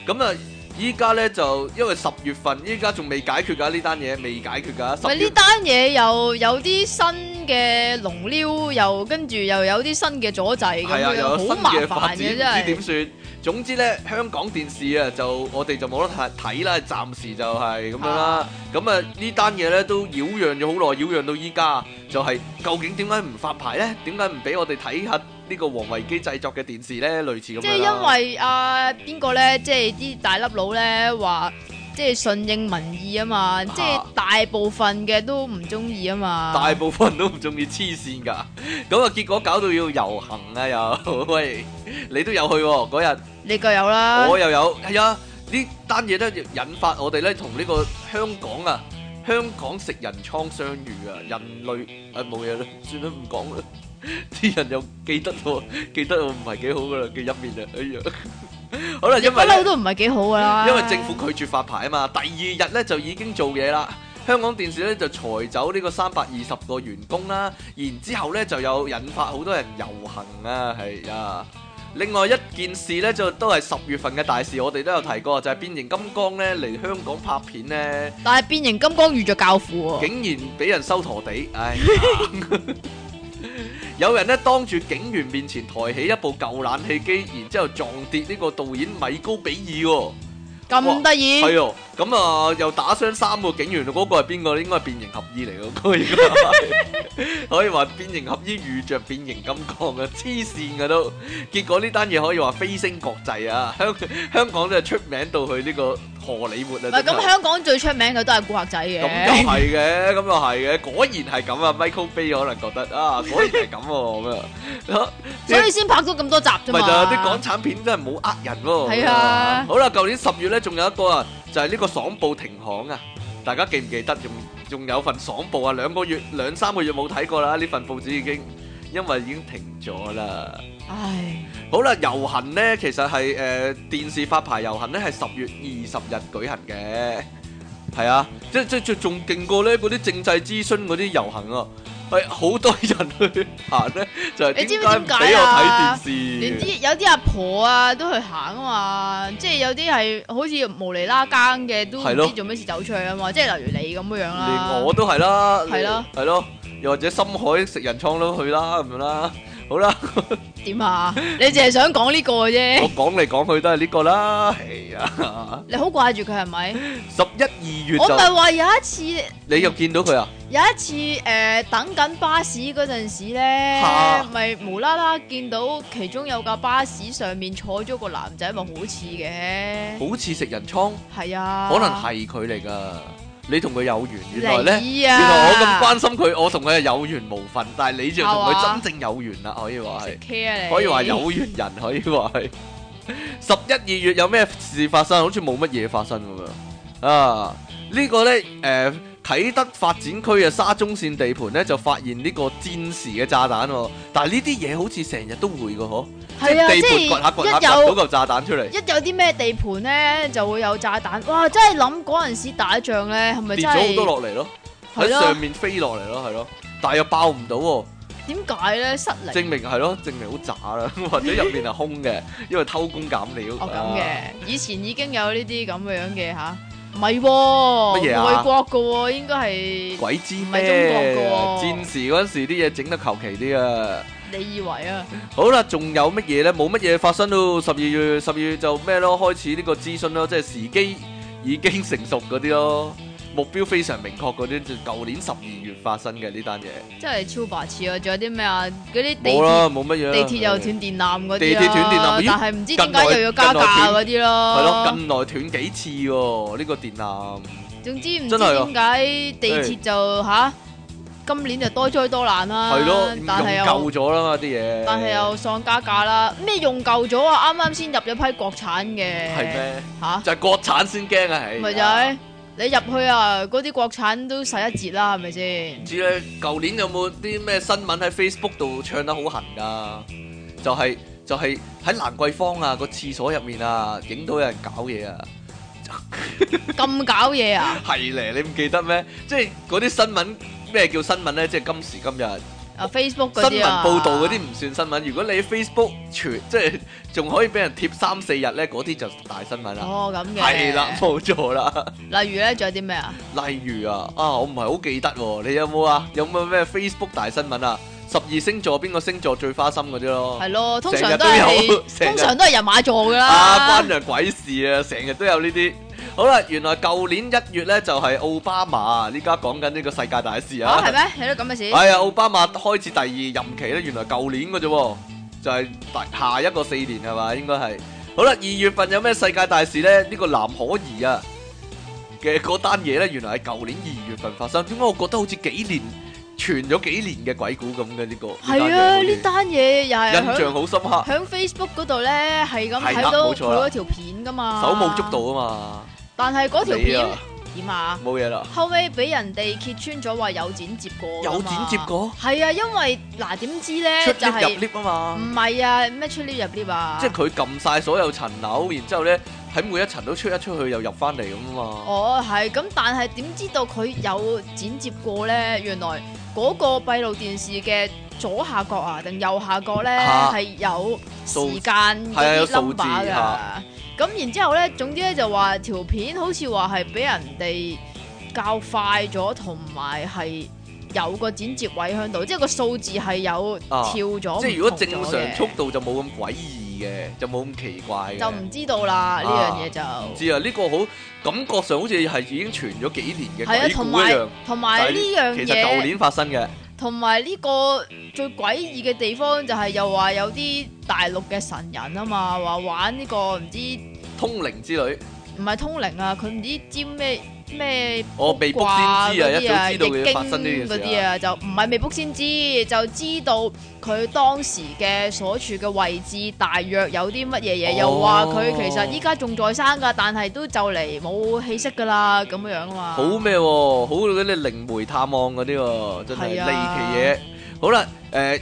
Speaker 2: 咁啊，依家咧就因為十月份，依家仲未解決㗎呢單嘢，未解決㗎、啊。咪呢
Speaker 1: 單嘢又有啲新嘅龍溜，又跟住又有啲新嘅阻滯，咁、啊、樣好麻煩嘅，真係唔知點
Speaker 2: 算。總之咧，香港電視啊，就我哋就冇得睇睇啦，暫時就係咁樣啦。咁啊，啊，呢單嘢咧都擾攘咗好耐，擾攘到依家，就係、是、究竟點解唔發牌咧？點解唔俾我哋睇下呢個王維基製作嘅電視咧？類似咁樣、啊呃。即係因為
Speaker 1: 啊，邊個咧？即係啲大粒佬咧話。即係順應民意啊嘛，即係大部分嘅都唔中意啊嘛，大
Speaker 2: 部分都唔中意黐線㗎。咁啊，結果搞到要遊行啊又，喂，你都有去嗰日？
Speaker 1: 你個有啦，我又
Speaker 2: 有，係啊，呢單嘢咧就引發我哋咧同呢個香港啊，香港食人倉相遇啊，人類啊冇嘢啦，算啦唔講啦，啲人又記得我，記得我唔係幾好㗎喇，記一面啊，哎呀～ 好啦，因為不嬲都
Speaker 1: 唔係幾好啊。因為政
Speaker 2: 府拒絕發牌啊嘛，第二日咧就已經做嘢啦。香港電視咧就裁走呢個三百二十個員工啦，然之後咧就有引發好多人遊行啊，係啊。另外一件事咧就都係十月份嘅大事，我哋都有提過，就係、是、變形金剛咧嚟香港拍片咧。但係
Speaker 1: 變形金剛遇咗教父、哦，竟
Speaker 2: 然俾人收陀地，唉、哎。 有人咧當住警員面前抬起一部舊冷氣機，然後撞跌呢個導演米高比爾。
Speaker 1: 咁得意係哦，
Speaker 2: 咁啊又打傷三個警員，嗰個係邊個？應該係變形俠醫嚟嘅，可可以話變形俠醫遇着變形金剛啊，黐線㗎都，結果呢單嘢可以話飛升國際啊，香香港都係出名到去呢個荷里活啊。喂，咁香
Speaker 1: 港最出名嘅都係古惑仔嘅。咁又係
Speaker 2: 嘅，咁又係嘅，果然係咁啊。Michael Bay 可能覺得啊，果然係咁喎咁啊，所以先
Speaker 1: 拍咗咁多集啫嘛。咪就係啲
Speaker 2: 港產片真係冇呃人喎。係啊。好啦，舊年十月咧。咧仲有一個啊，就係呢個爽報停刊啊！大家記唔記得？仲仲有份爽報啊，兩個月兩三個月冇睇過啦！呢份報紙已經因為已經停咗啦。唉，好啦，遊行呢，其實係誒電視發牌遊行呢，係十月二十日舉行嘅。係啊，即即即仲勁過呢嗰啲政制諮詢嗰啲遊行啊！係好多人去行咧，就係，你知唔知點解？我睇電視？你啲
Speaker 1: 有啲阿婆啊，都去行啊嘛，即係有啲係好似無厘啦更嘅，都唔知做咩事走出嚟啊嘛，即係例如你咁嘅樣啦。
Speaker 2: 連我都係啦。係咯，係咯，又或者深海食人倉都去啦，咁樣啦。好啦，
Speaker 1: 點啊？你淨係想講呢個嘅啫？
Speaker 2: 我講嚟講去都係呢個啦。係啊，你
Speaker 1: 好掛住佢係咪？
Speaker 2: 十一二月就我咪話有
Speaker 1: 一次，
Speaker 2: 你又見到佢啊？
Speaker 1: 有一次，誒、呃，等緊巴士嗰陣時咧，咪、啊、無啦啦見到其中有架巴士上面坐咗個男仔，咪、嗯、好似嘅，好
Speaker 2: 似食人倉，
Speaker 1: 係啊，可能係
Speaker 2: 佢嚟噶，你同佢有緣，原來咧，啊、原來我咁關心佢，我同佢係有緣無份，但係你就同佢真正有緣啦，可以話係，
Speaker 1: 可以話有
Speaker 2: 緣人，可以話係。十一二月有咩事發生？好似冇乜嘢發生咁樣啊！啊，這個、呢個咧，誒、呃。呃呃呃呃啟德發展區嘅沙中綫地盤咧就發現呢個戰時嘅炸彈、哦，但係呢啲嘢好似成日都會嘅嗬，啊、即係是地盤掘下掘下掘到嚿炸彈出嚟，
Speaker 1: 一有啲咩地盤咧就會有炸彈，哇！真係諗嗰陣時打仗咧係咪真係跌咗好多落嚟
Speaker 2: 咯，喺對咯 上面飛落嚟咯係咯，但係又爆唔到，
Speaker 1: 點解咧失靈？證明
Speaker 2: 係咯，證明好渣啦，或者入面係空嘅， 因為偷工減料。哦咁嘅，
Speaker 1: 以前已經有呢啲咁嘅樣嘅吓。啊 唔係，哦啊、外國嘅喎、哦，應該係
Speaker 2: 鬼知咩？中國哦、戰時嗰陣時啲嘢整得求其啲啊！
Speaker 1: 你以為啊？
Speaker 2: 好啦，仲有乜嘢咧？冇乜嘢發生咯。十二月，十二月就咩咯？開始呢個諮詢咯，即係時機已經成熟嗰啲咯。目標非常明確嗰啲，就舊年十二月發生嘅呢單嘢，
Speaker 1: 真係超白痴啊！仲有啲咩啊？嗰啲地鐵冇乜嘢，地鐵又斷電纜嗰啲啊！地鐵斷電纜，但係唔知點解又要加價嗰啲咯。係咯，咁
Speaker 2: 耐斷幾次喎？呢個電纜。
Speaker 1: 總之唔知點解地鐵就吓，今年就多災多難啦。係咯，用舊
Speaker 2: 咗啦嘛啲嘢，但係又
Speaker 1: 上加價啦。咩用舊咗啊？啱啱先入咗批國產嘅，係咩？
Speaker 2: 吓，就係國產先驚啊！係咪就係？
Speaker 1: 你入去啊，嗰啲國產都十一節啦，係咪先？
Speaker 2: 唔知咧，舊年有冇啲咩新聞喺 Facebook 度唱得好痕㗎？就係，就係喺蘭桂坊啊個廁所入面啊，影到有人搞嘢啊！
Speaker 1: 咁 搞嘢啊？
Speaker 2: 係咧， 你唔記得咩？即係嗰啲新聞咩叫新聞咧？即係今時今日。
Speaker 1: 啊 Facebook 嗰啲啊，新聞報導
Speaker 2: 嗰啲唔算新聞。如果你 Facebook 傳，即係仲可以俾人貼三四日咧，嗰啲就大新聞啦。
Speaker 1: 哦咁嘅，係啦
Speaker 2: 冇錯啦。例如咧，仲有啲咩啊？例如啊，啊我唔係好記得喎。你有冇啊？有冇咩 Facebook 大新聞啊？十二星座邊個星座最花心嗰啲咯？係咯，通常都係，通常都
Speaker 1: 係人馬座㗎啦。啊，
Speaker 2: 關人鬼事啊！成日都有呢啲。好啦，原來舊年一月咧就係、是、奧巴馬啊！依家講緊呢個世界大事啊，係咩、啊？有啲咁嘅事。係啊、哎，奧巴馬開始第二任期咧，原來舊年嘅啫，就係、是、下一個四年係嘛？應該係。好啦，二月份有咩世界大事咧？呢、這個南可兒啊嘅嗰單嘢咧，原來係舊年二月份發生。點解我覺得好似幾年傳咗幾年嘅鬼故咁嘅呢個？係啊，呢單
Speaker 1: 嘢又印象好深刻。喺 Facebook 嗰度咧係咁睇到佢嗰條片噶嘛，手舞足蹈
Speaker 2: 啊嘛。但係嗰條片
Speaker 1: 點了啊？冇嘢啦。後尾俾人哋揭穿咗，話有剪接過。有剪接過？係啊，因為嗱，點知咧就係出 lift 入 lift 啊嘛。唔係啊，咩出 lift 入 lift 啊？即
Speaker 2: 係佢撳晒所有層樓，然之後咧喺每一層都出一出去又入翻嚟咁啊嘛。
Speaker 1: 哦，係咁、啊，但係點知道佢有剪接過咧？原來嗰個閉路電視嘅左下角啊定右下角咧係、啊、有時間係啊，有數字咁然之後咧，總之咧就話條片好似話係俾人哋較快咗，同埋係有個剪接位響度，即係個數字係有跳咗。啊、即係如果正常速
Speaker 2: 度就冇咁詭異嘅，就冇咁奇怪。就唔
Speaker 1: 知道啦，呢樣嘢就唔知
Speaker 2: 啊！呢、這個好感覺上好似係已經傳咗幾年嘅鬼故一樣，同埋呢樣嘢其實舊年發生嘅。
Speaker 1: 同埋呢個最詭異嘅地方就係，又話有啲大陸嘅神人啊嘛，話玩呢、這個唔
Speaker 2: 知通靈之類，
Speaker 1: 唔係通靈啊，佢唔知沾咩。咩？
Speaker 2: 我未卜先知啊，一早、哦、知道佢發生啲啊，
Speaker 1: 就唔係未卜先知，就知道佢當時嘅所處嘅位置，大約有啲乜嘢嘢。哦、又話佢其實依家仲在生㗎，但係都就嚟冇氣息㗎啦，咁樣啊嘛。
Speaker 2: 好咩喎？好嗰啲靈媒探望嗰啲喎，真係離奇嘢。啊、好啦，誒、呃。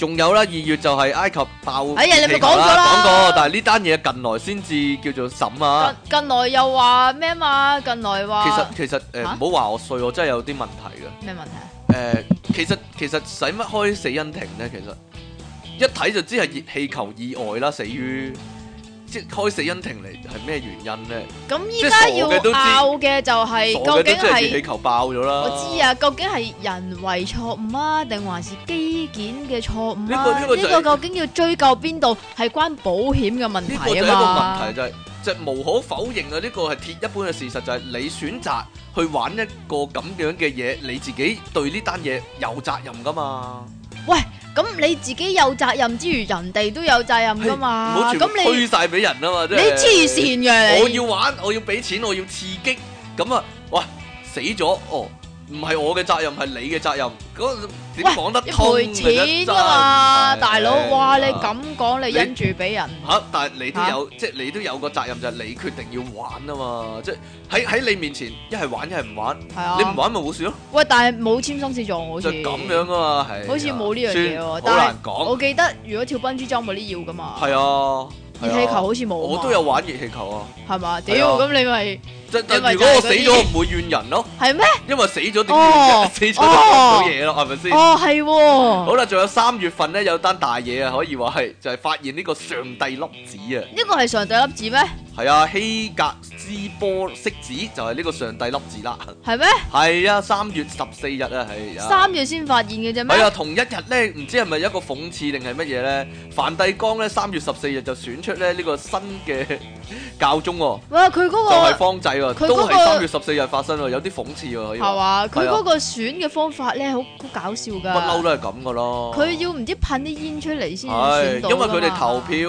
Speaker 2: 仲有啦，二月就係埃及爆哎呀，你咪氣球啦，講過，過，但係呢單嘢近來先至叫做審啊。近
Speaker 1: 近來又話咩嘛？近來話其實
Speaker 2: 其實誒，唔好話我衰，我真係有啲問題㗎。咩問
Speaker 1: 題
Speaker 2: 啊、呃？其實其實使乜開死因庭咧？其實，其實一睇就知係熱氣球意外啦，死於。嗯即開死恩庭嚟係咩原因咧？
Speaker 1: 咁依家要拗嘅就係、是、究竟係？我嘅都係熱氣球
Speaker 2: 爆咗啦。我知啊，
Speaker 1: 究竟係人為錯誤啊，定還是基建嘅錯誤啊？呢、這個呢、這個就是、個究竟要追究邊度？係關保險嘅問題啊？呢個就係一個問題、就是，就
Speaker 2: 係、是、就無可否認啊！呢、這個係鐵一般嘅事實，就係、是、你選擇去玩一個咁樣嘅嘢，你自己對呢單嘢有責任噶嘛？喂！
Speaker 1: 咁你自己有責任之餘，人哋都有責任㗎嘛？咁你推
Speaker 2: 晒俾人啊嘛！你黐線嘅！我要玩，我要俾錢，我要刺激。咁啊，哇，死咗哦！唔係我嘅責任，係你嘅責任。咁你講得通嚟一賠錢㗎嘛，大佬！哇，你
Speaker 1: 咁講，你忍住俾人
Speaker 2: 嚇。但係你都有，即係你都有個責任，就係你決定要玩啊嘛！即係喺喺你面前，一係玩，一係唔玩。係啊。你唔玩咪冇事咯。
Speaker 1: 喂，但係冇簽生死狀好似就咁
Speaker 2: 樣啊嘛，係。好似冇呢樣嘢喎，但係我記
Speaker 1: 得如果跳笨豬周冇啲要㗎嘛。
Speaker 2: 係啊，熱氣球好似冇。我都有玩熱氣球啊。
Speaker 1: 係嘛？屌，咁你咪。
Speaker 2: 如果我死咗，我唔會怨人咯。係咩嗎？因為死咗，跌、哦、死咗就做唔到嘢咯，係咪先？哦，係
Speaker 1: 喎、哦。
Speaker 2: 好啦，仲有三月份咧，有單大嘢啊，可以話係就係、是、發現呢個上帝粒子啊！
Speaker 1: 呢個係上帝粒子咩？
Speaker 2: 係啊，希格斯玻色子就係、是、呢個上帝粒子啦。係咩嗎？係啊，三月十四日啊，係。三
Speaker 1: 月先發現嘅啫。咩？係啊，
Speaker 2: 同一日咧，唔知係咪一個諷刺定係乜嘢咧？梵蒂岡咧三月十四日就選出咧呢個新嘅教宗喎、哦。
Speaker 1: 哇，佢嗰、那個都係
Speaker 2: 方濟喎，都係三月十四日發生喎，有啲諷刺喎。係啊，佢嗰個
Speaker 1: 選嘅方法咧，好好搞笑噶。不嬲、啊、
Speaker 2: 都係咁噶咯。佢
Speaker 1: 要唔知噴啲煙出嚟先選到啊嘛。是因為佢哋投
Speaker 2: 票，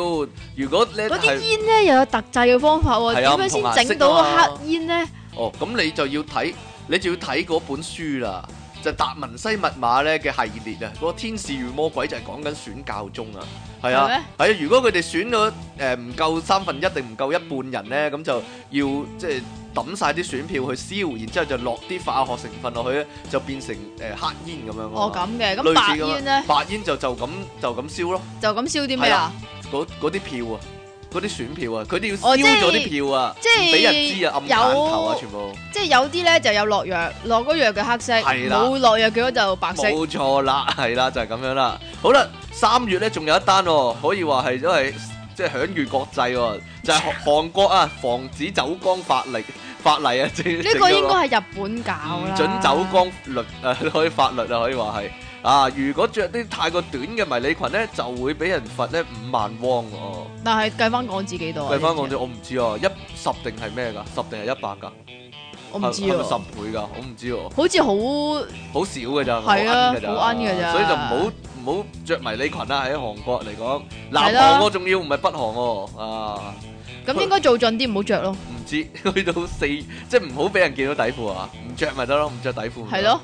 Speaker 2: 如果你嗰啲煙
Speaker 1: 咧又有特製。嘅方法喎，點樣先整到個黑煙咧？
Speaker 2: 哦，咁你就要睇，你就要睇嗰本書啦，就達文西密碼咧嘅系列啊，個天使與魔鬼就係講緊選教宗啊，係啊，係啊，如果佢哋選咗誒唔夠三分一定唔夠一半人咧，咁就要即係抌曬啲選票去燒，然之後就落啲化學成分落去咧，就變成誒黑煙咁樣。哦，咁嘅，咁白煙咧？白煙就就咁就咁燒咯。
Speaker 1: 就咁燒啲咩啊？
Speaker 2: 嗰嗰啲票啊！嗰啲選票啊，佢哋要燒咗啲票啊，即係俾人知啊，暗彈頭啊，全部
Speaker 1: 即係有啲咧就有落藥，落嗰藥嘅黑色，冇落藥嘅就白色。冇錯
Speaker 2: 啦，係啦，就係咁樣啦。好啦，三月咧仲有一單喎，可以話係都係即係享譽國際喎，就係韓國啊，防止走光法律法例啊，即係呢個應該
Speaker 1: 係日本搞
Speaker 2: 啦，唔準走光律誒可以法律啊可以話係。啊！如果着啲太過短嘅迷你裙咧，就會俾人罰咧五萬汪喎、
Speaker 1: 啊。但係計翻港紙幾多啊？計翻港紙、
Speaker 2: 啊、我唔知喎、啊，一十定係咩㗎？十定係一百㗎？我唔知啊。十倍㗎，我唔知喎。好似好好少㗎咋？係啊，好奀㗎咋？所以就唔好唔好着迷你裙啦、啊。喺韓國嚟講，南韓我、啊、仲的要唔係北韓喎啊！啊。.
Speaker 1: 咁應該做盡啲唔好着咯，唔
Speaker 2: 知去到四即係唔好俾人見到底褲啊，唔着咪得咯，唔着底褲。係咯，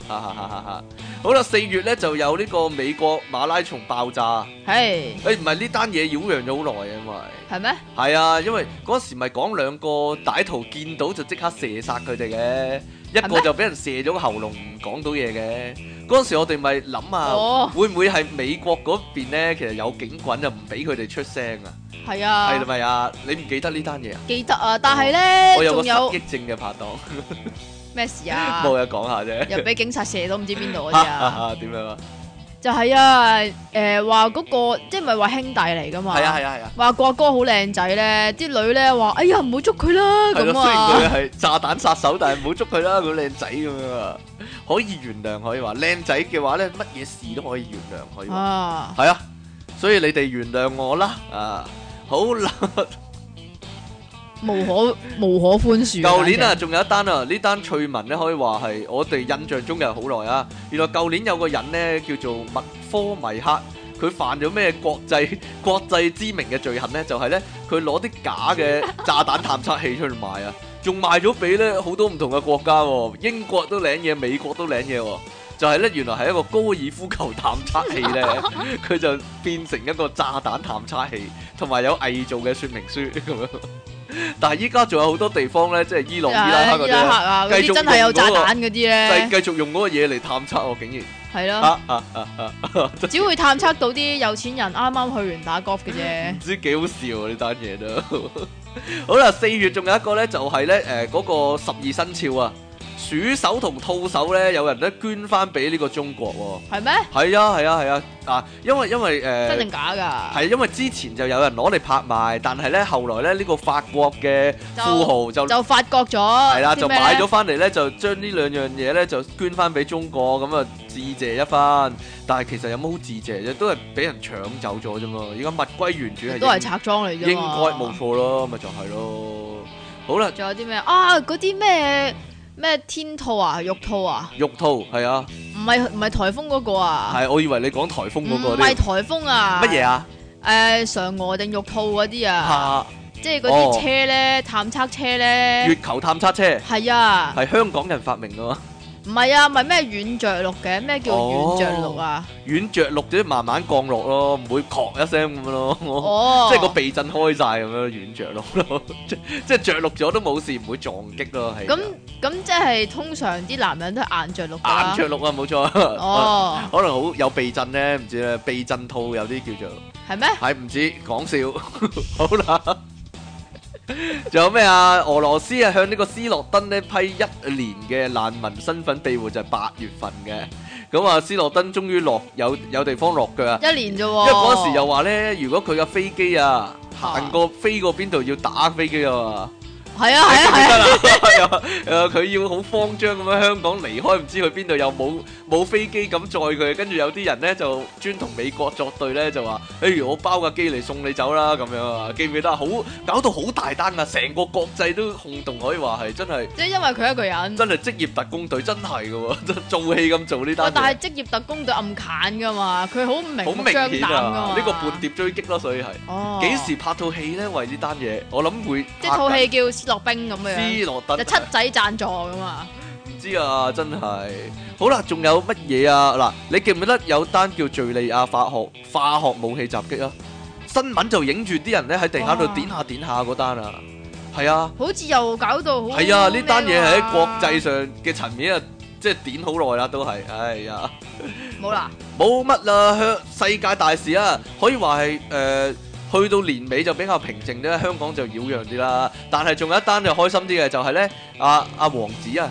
Speaker 2: 好啦，四月咧就有呢個美國馬拉松爆炸，
Speaker 1: 係是的、
Speaker 2: 哎，誒唔係呢單嘢擾攘咗好耐啊，因為係咩？係啊，因為嗰時咪講兩個歹徒見到就即刻射殺佢哋嘅，的一個就俾人射咗個喉嚨，唔講到嘢嘅。嗰的時我哋咪諗啊，會唔會係美國嗰邊咧？其實有警棍就唔俾佢哋出聲啊。係啊，係咪啊？你唔記得呢單嘢啊？
Speaker 1: 記得啊，但係咧，我仲有個失憶
Speaker 2: 症嘅拍檔。
Speaker 1: 咩事啊？冇
Speaker 2: 嘢講下啫，又俾
Speaker 1: 警察射到唔知邊度嗰啲啊？
Speaker 2: 點樣啊？
Speaker 1: 就係啊，誒話嗰個即係唔係話兄弟嚟噶嘛？係啊係啊係啊！話國哥好靚仔咧，啲女咧話：哎呀，唔好捉佢啦咁啊！雖然佢
Speaker 2: 係炸彈殺手，但係唔好捉佢啦，佢靚仔咁樣啊，可以原諒可以話。靚仔嘅話咧，乜嘢事都可以原諒可以。啊，係啊，所以你哋原諒我啦啊！好嗱
Speaker 1: 無可無可寬恕。舊年啊，
Speaker 2: 仲有一單啊，呢單趣聞咧，可以話係我哋印象中嘅好耐啊。原來舊年有個人咧，叫做麥科米克，佢犯咗咩國際國際知名嘅罪行咧？就係咧，佢攞啲假嘅炸彈探測器出去賣啊，仲賣咗俾咧好多唔同嘅國家，英國都領嘢，美國都領嘢。就係咧，原來係一個高爾夫球探測器咧，佢 就變成一個炸彈探測器，同埋有偽造嘅說明書咁樣。 但係依家仲有好多地方咧，即係伊朗、伊拉克嗰啲、啊，真係有炸彈嗰啲咧，繼續用咗、那、繼、個、續用嗰個嘢嚟探測哦，竟然係咯，的 只
Speaker 1: 會探測到啲有錢人啱啱去完打 golf 嘅啫。唔
Speaker 2: 知幾好笑呢單嘢都。 好啦，四月仲有一個咧，就係、是、咧，誒、呃，嗰、那個十二生肖啊。主手同套手咧，有人都捐翻俾呢個中國喎。係咩嗎？係啊，係啊，係啊！啊，因為因為誒，呃、真定假㗎？係因為之前就有人攞嚟拍賣，但係咧後來咧呢、呢個法國嘅富豪就就，就發
Speaker 1: 覺咗、啊，係啦，就買咗
Speaker 2: 翻嚟咧，就將呢兩樣嘢咧就捐翻俾中國，咁啊自謝一番。但係其實有冇好致謝啫？都係俾人搶走咗啫嘛。而家物歸原主係都係拆裝
Speaker 1: 嚟啫。應該冇
Speaker 2: 錯咯，咪就係咯。好啦，
Speaker 1: 仲有啲咩啊？嗰啲咩？咩天兔啊，玉兔啊？
Speaker 2: 玉兔係啊。唔
Speaker 1: 係唔係台風嗰個啊？
Speaker 2: 係，我以為你講台風嗰個、啊。唔係
Speaker 1: 台風啊？乜嘢啊？誒、呃，嫦娥定玉兔嗰啲啊？啊即
Speaker 2: 係嗰啲車
Speaker 1: 咧，哦、探測車咧。月
Speaker 2: 球探測車。係啊。係香港人發明㗎。
Speaker 1: 唔係啊，咪咩軟着陸嘅？咩叫軟着陸啊？
Speaker 2: 哦、軟着陸即係慢慢降落咯，唔會轟一聲咁樣咯，哦，即係個避震開晒咁樣軟着陸咯， 即係着陸咗都冇事，唔會撞擊咯。係咁
Speaker 1: 咁，即係通常啲男人都硬着陸、啊、硬
Speaker 2: 着陸啊，冇錯。哦 可，可能好有避震咧，唔知咧避震套有啲叫做係咩？係唔嗎知講笑。好啦。仲 有咩啊？俄羅斯啊，向呢個斯諾登呢批一年嘅難民身份庇護，就係八月份嘅。咁啊，斯諾登終於落有有地方落腳。一
Speaker 1: 年咋、哦？因為嗰時
Speaker 2: 又話呢，如果佢嘅飛機啊行過啊飛過邊度，要打飛機啊係啊係啊係啊！誒，佢要好慌張咁樣香港離開，唔知去邊度又冇冇飛機咁載佢。跟住有啲人咧就專同美國作對咧，就話：譬如，我包架機嚟送你走啦咁樣啊！記唔記得啊？好搞到好大單啊！成個國際都轟動，可以話係真係。即
Speaker 1: 係因為佢一個人。
Speaker 2: 真係職業特工隊，真係嘅喎，做戲咁做呢單。哇！但係
Speaker 1: 職業特工隊暗砍嘅嘛，佢好明槍暗。好明顯啊！呢個
Speaker 2: 叛諜追擊咯，所以係。哦。幾時拍套戲咧？為呢單嘢，我諗會。即係套戲
Speaker 1: 叫。落冰咁嘅，七仔贊助咁嘛！
Speaker 2: 唔知啊，真係。好啦，仲有乜嘢啊？嗱，你記唔記得有單叫敘利亞化學化學武器襲擊啊？新聞就影住啲人咧喺地下度點下點下嗰單啊，係啊，
Speaker 1: 好似又搞到，係啊，呢單嘢係喺
Speaker 2: 國際上嘅層面啊，即係點好耐啦，都係，哎呀，
Speaker 1: 冇啦，
Speaker 2: 冇乜啦，世界大事啊，可以話係誒。去到年尾就比較平靜啲，香港就擾攘啲啦。但係仲有一單就開心啲嘅，就係、係、咧，阿、啊、阿、啊、王子啊，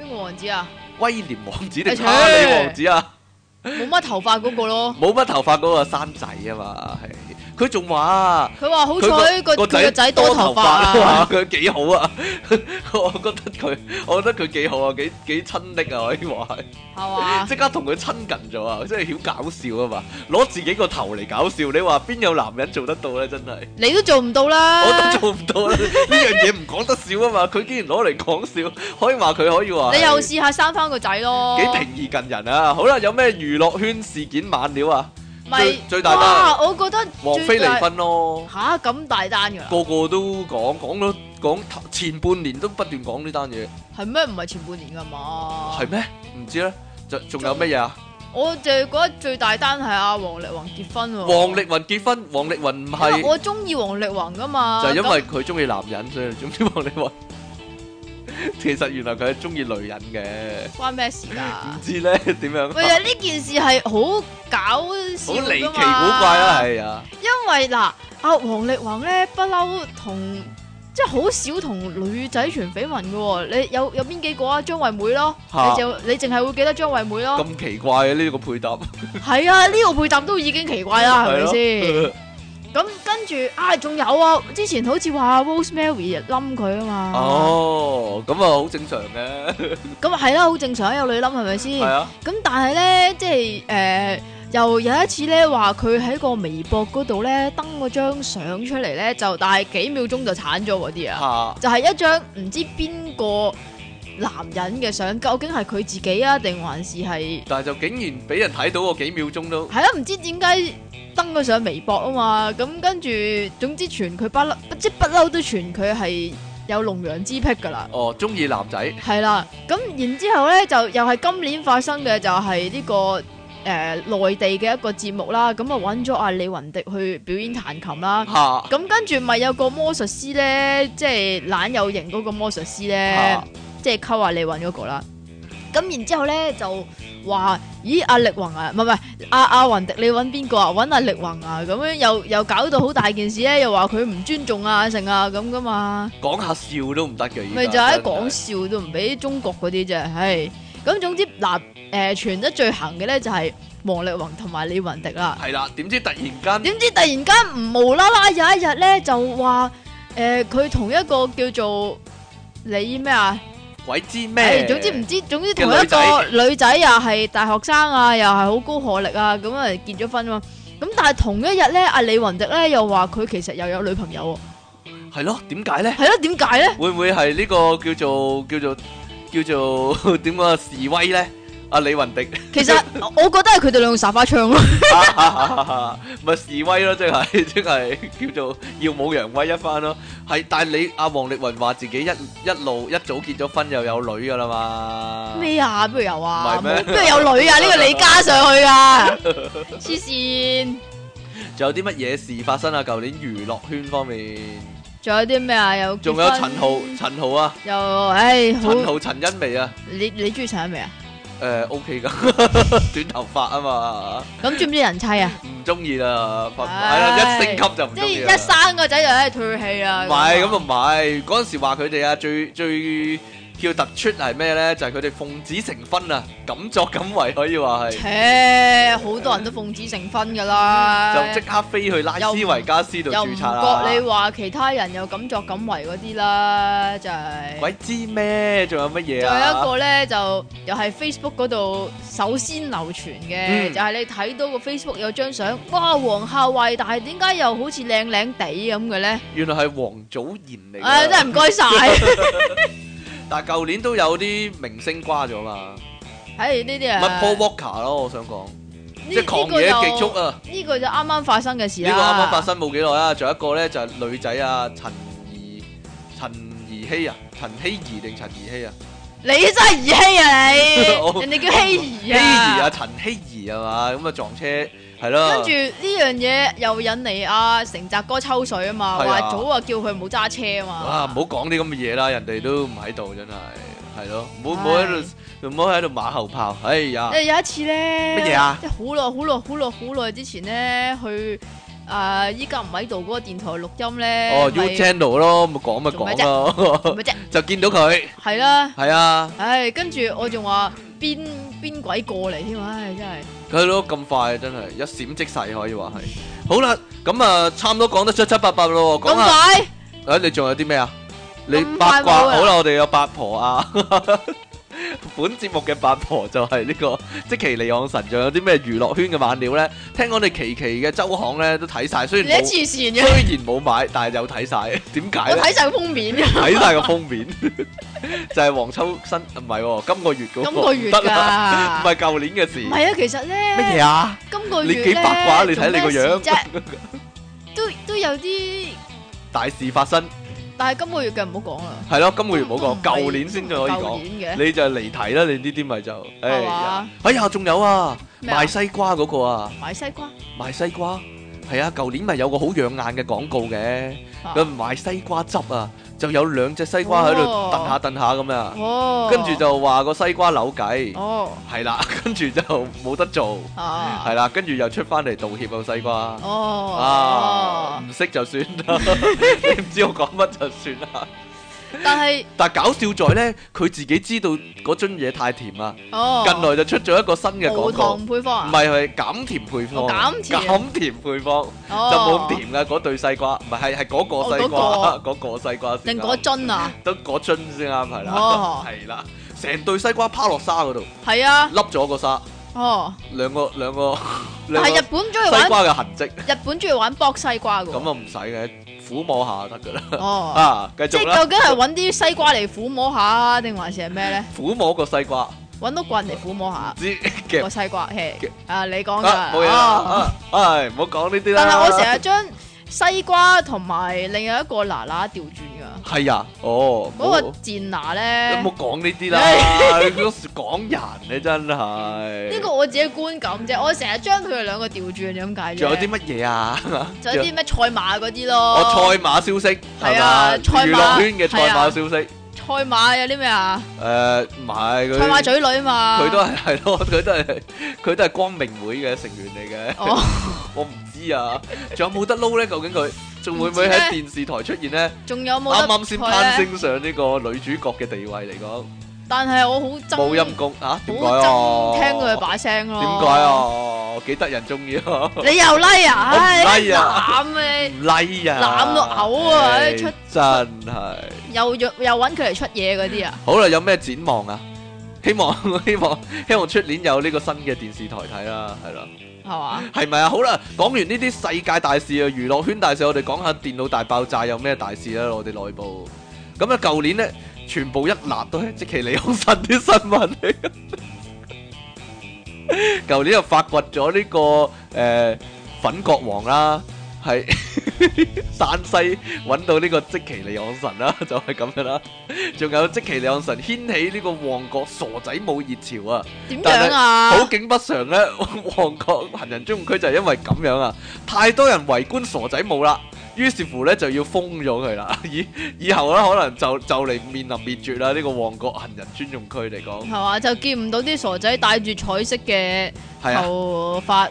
Speaker 1: 邊個王子啊？
Speaker 2: 威廉王子定查理王子啊？
Speaker 1: 冇乜頭髮嗰個咯，
Speaker 2: 冇乜頭髮嗰、嗰個山仔啊嘛，係。佢仲話，佢話、啊、好彩佢個仔多頭髮佢的幾好啊， 我覺得佢，我覺得佢幾好啊，幾幾親的啊！可以話係，係嘛的？即刻同佢親近咗啊！真係好搞笑啊嘛！攞自己個頭嚟搞笑，你話邊有男人做得到咧？真係
Speaker 1: 你都做唔到啦！我都做
Speaker 2: 唔到啦！呢 樣嘢唔講得笑啊嘛！佢竟然攞嚟講笑，可以話佢可以話。你又
Speaker 1: 試下生翻個仔咯！幾平
Speaker 2: 易近人啊！好啦，有咩娛樂圈事件猛料啊？最最大單，我
Speaker 1: 覺得王菲離婚咯嚇咁大單噶，個
Speaker 2: 個都講講到，講前半年都不斷講呢單嘢。
Speaker 1: 係咩？唔係前半年㗎嘛？
Speaker 2: 係咩？唔知咧，就仲有乜嘢啊？
Speaker 1: 我就覺得最大單係阿王力宏結婚喎。王力
Speaker 2: 宏結婚，王力宏唔係我
Speaker 1: 中意王力宏㗎嘛？就係因為
Speaker 2: 佢中意男人，所以中意王力宏。其實原來佢係中意女人嘅，
Speaker 1: 關咩事啊？唔
Speaker 2: 知咧道點 樣，喂啊！
Speaker 1: 呢件事係好搞笑，好離奇古怪啊！係啊，因為嗱，阿王力宏咧不嬲同，即係好少同女仔傳緋聞嘅。你有有邊幾個啊？張惠妹咯，蛤你就你淨係會記得張惠妹咯？咁
Speaker 2: 奇怪啊！呢、這個配搭
Speaker 1: 係 啊，呢、這個配搭都已經奇怪啦，係咪先？ 咁跟住啊，仲有啊，之前好似話 Rosemary 冧佢啊嘛。哦、
Speaker 2: oh,，咁啊好正常嘅、嗯。
Speaker 1: 咁啊係啦，好正常，有女冧係咪先？係啊。咁 但係咧，即係誒，又、呃、有，有一次咧，話佢喺個微博嗰度咧登嗰張相出嚟咧，就但係幾秒鐘就鏟咗
Speaker 2: 嗰啲啊。
Speaker 1: 就係一張唔知邊個男人嘅相，究竟係佢自己啊，定還是係？
Speaker 2: 但係就竟然俾人睇到個幾秒鐘都、嗯。
Speaker 1: 係啦，唔知點解。登咗上微博啊嘛，咁跟住，總之傳佢不嬲，即係不嬲都傳佢係有龍陽之癖噶啦。
Speaker 2: 哦，中意男仔。係
Speaker 1: 啦，咁然之後咧就又係今年發生嘅就係呢、這個誒、呃、內地嘅一個節目啦，咁啊揾咗阿李雲迪去表演彈琴啦。吓哈。咁跟住咪有個魔術師咧，即係懶有型嗰個魔術師咧，哈即係溝阿李雲嗰個啦。咁然之後咧就話，咦阿力宏啊，唔係唔係阿阿雲迪，你揾邊個啊？揾阿力宏啊，咁樣又又搞到好大件事咧，又話佢唔尊重啊成啊咁噶嘛？
Speaker 2: 講下笑都唔得嘅，咪就係
Speaker 1: 講笑都唔俾中國嗰啲啫，係咁總之嗱，誒傳得最行嘅咧就係王力宏同埋李雲迪啦，係
Speaker 2: 啦，點知突然間，點
Speaker 1: 知突然間唔無啦啦有一日咧就話，誒佢同一個叫做李咩啊？
Speaker 2: 鬼知咩？哎，總之唔
Speaker 1: 知，總之同一個女仔又係大學生啊，又係好高學歷啊，咁啊結咗婚啊，咁但係同一日咧，阿李雲迪咧又話佢其實又有女朋友，啊，
Speaker 2: 係咯。點解咧？係咯。點解咧？會唔會係呢個叫做叫做叫做點啊示威咧？阿李雲迪，其實
Speaker 1: 我覺得係佢哋兩個耍花槍咯，
Speaker 2: 咪示威咯，即係即係叫做耀武揚威一番咯。係但係你阿王力宏話自己一一路一早結咗婚又有女㗎喇嘛？咩
Speaker 1: 啊？邊度有啊？咩有女啊？呢個你加上去啊！黐線！仲
Speaker 2: 有啲乜嘢事發生啊？舊年娛樂圈方面，
Speaker 1: 仲有啲咩啊？有仲有陳豪，陳豪啊？又唉，陳豪
Speaker 2: 陳茵媺啊？
Speaker 1: 你你鍾意陳茵媺啊？
Speaker 2: 誒、呃、，OK 噶， 短頭髮髮啊嘛，嗯，咁中唔中意人妻啊？唔中意啦，一升級就唔中意，一生
Speaker 1: 個仔就喺度退氣啊！唔係，
Speaker 2: 咁唔係，嗰陣 時話佢哋啊，最最。叫突出係咩咧？就係佢哋奉旨成婚啊，敢作敢為可以話係。
Speaker 1: 好多人都奉旨成婚噶啦， 就即
Speaker 2: 刻飛去拉斯維加斯度注冊啊！又唔覺你
Speaker 1: 話其他人又敢作敢為嗰啲啦，就係、
Speaker 2: 是。鬼知咩？仲有乜嘢？仲有一個
Speaker 1: 咧，就又係 Facebook 嗰度首先流傳嘅，嗯、就係你睇到個 Facebook 有張相，哇，黃夏蕙，但係點解又好似靚靚地咁嘅咧？
Speaker 2: 原來係王祖賢嚟。誒、啊，真係唔該晒。但係舊年都有啲明星瓜咗嘛？
Speaker 1: 係呢啲啊，Paul
Speaker 2: Walker 咯，我想講，這即係狂野極速啊！
Speaker 1: 呢個就啱啱發生嘅事啦、啊。呢個啱啱發
Speaker 2: 生冇幾耐啊！仲有一個咧就係、是、女仔啊，陳怡、陳怡希啊，陳希怡定陳怡希啊？
Speaker 1: 你真係怡希啊你！ 人哋叫希怡啊， 啊，
Speaker 2: 陳希怡啊，陳希怡啊嘛，咁啊撞車。係咯，跟住
Speaker 1: 呢樣嘢又引嚟阿成澤哥抽水啊嘛，話早話叫佢唔好揸車啊嘛。哇，
Speaker 2: 唔好講啲咁嘅嘢啦，人哋都唔喺度，真係，係咯，唔好唔好喺度，唔好喺度馬後炮。哎呀，誒有
Speaker 1: 一次咧，乜嘢啊？即係好耐好耐好耐好耐之前咧，去誒依家唔喺度嗰個電台錄音咧。哦，U
Speaker 2: Channel 咯，咪講咪講咯。做咩啫？就見到佢。係啦。係啊。
Speaker 1: 唉，跟住我仲話邊邊鬼過嚟添。唉，真係。
Speaker 2: 係咯，咁快真係一閃即逝，可以話係。好啦，咁啊，差唔多講得七七八八咯。講埋。咁快？誒、啊，你仲有啲咩啊？你八卦好啦，我哋有八婆啊。 本節目嘅八婆就係呢、這個即積淇離岸神，像有啲咩娛樂圈嘅猛料咧？聽講你奇奇嘅周刊咧都睇晒，雖然冇，雖然冇買， 但係有睇晒。點解？我睇晒個
Speaker 1: 封面。睇晒 個
Speaker 2: 封面， 就係黃秋生，唔係、喎，今個月嘅、那個，今個月噶，唔係舊年嘅事。唔係
Speaker 1: 啊，其實咧，乜嘢啊？今個月你幾八卦？你睇你個樣都，都都有啲
Speaker 2: 大事發生。
Speaker 1: 但係今個月嘅唔
Speaker 2: 好講啦。係咯， 今個月唔好講，舊年先至可以講。你就離題啦，你呢啲咪就，哎呀，哎呀，仲有啊，麼賣西瓜嗰個啊，買
Speaker 1: 西
Speaker 2: 瓜賣西瓜，賣西瓜，係啊，舊年咪有個好養眼嘅廣告嘅，佢賣西瓜汁啊，就有兩隻西瓜喺度揼下揼下咁啊，哦、跟住就話個西瓜扭計，係、哦嗯、啦。跟住就冇得做，係啦，跟住又出翻嚟道歉啊西瓜，啊唔識就算啦，你唔知我講乜就算啦。
Speaker 1: 但係
Speaker 2: 但係搞笑在呢，佢自己知道嗰樽嘢太甜啦，近來就出咗一個新嘅廣告配方，唔係，係減甜配方，減甜減甜配方就冇咁甜噶，嗰對西瓜，唔係，係係嗰個西瓜，嗰個西瓜定嗰樽啊，得嗰樽先啱係啦，係啦。成對西瓜拋落沙嗰度，係啊，凹咗個沙，哦，兩個兩個，係日本中意玩西瓜嘅痕跡，
Speaker 1: 日本中意玩博西瓜嘅，咁
Speaker 2: 啊唔使嘅，撫摸下就得噶啦，哦，啊，繼續，即係究竟係
Speaker 1: 揾啲西瓜嚟撫摸下，定還是係咩咧？
Speaker 2: 撫摸個西瓜，
Speaker 1: 揾到棍嚟撫摸下，
Speaker 2: 個西
Speaker 1: 瓜，係啊，你講㗎，冇嘢，
Speaker 2: 唉唔好講呢啲啦。但係我成日
Speaker 1: 將西瓜同埋另一個嗱嗱調轉。
Speaker 2: 係啊，哦、oh,，嗰個
Speaker 1: 賤乸咧，有冇
Speaker 2: 講呢啲啦，好多時講人，你真係。呢、 嗯這個
Speaker 1: 我自己觀感啫，我成日將佢哋兩個調轉咁解。仲有啲
Speaker 2: 乜嘢啊？仲 有啲咩
Speaker 1: 賽馬嗰啲咯？我賽
Speaker 2: 馬消息係嘛？
Speaker 1: 娛樂圈嘅賽馬消息。 賽馬有啲咩啊？
Speaker 2: 誒唔係佢。賽、呃、馬嘴女嘛？佢都係係咯，佢 都係佢都係光明會嘅成員嚟嘅。Oh. 我唔知啊，仲有冇得撈咧？究竟佢仲會唔會喺電視台出現咧？
Speaker 1: 仲有冇啱啱先攀升
Speaker 2: 上呢個女主角嘅地位嚟講？
Speaker 1: 但係我好憎冇陰
Speaker 2: 功嚇，點解啊？聽
Speaker 1: 佢把聲咯，點
Speaker 2: 解啊？幾得人中意？你又 like 啊？好 like 啊！攬咩 like 啊！攬到嘔啊！出真係
Speaker 1: 又又又揾佢嚟出嘢嗰啲
Speaker 2: 啊！好啦，有咩展望啊？希望希望希望出年又有呢個新嘅電視台睇啦，係啦，係嘛？係咪啊？好啦，講完呢啲世界大事啊，娛樂圈大事，我哋講下電腦大爆炸有咩大事啦？我哋內部咁咧，舊年咧。全部一拿都係積淇離岸神啲新聞，舊年又發掘咗呢個誒粉國王啦，係山西揾到呢個積淇離岸神啦，就係咁樣啦。仲有積淇離岸神掀起呢個旺角傻仔舞熱潮啊！點樣啊？好景不常咧，旺角行人專區就係因為咁樣啊，太多人圍觀傻仔舞啦。於是乎咧就要封咗佢啦，以以後咧可能就就嚟面臨滅絕啦。呢、這個旺角行人專用區嚟講，
Speaker 1: 係啊，就見唔到啲傻仔戴住彩色嘅頭髮，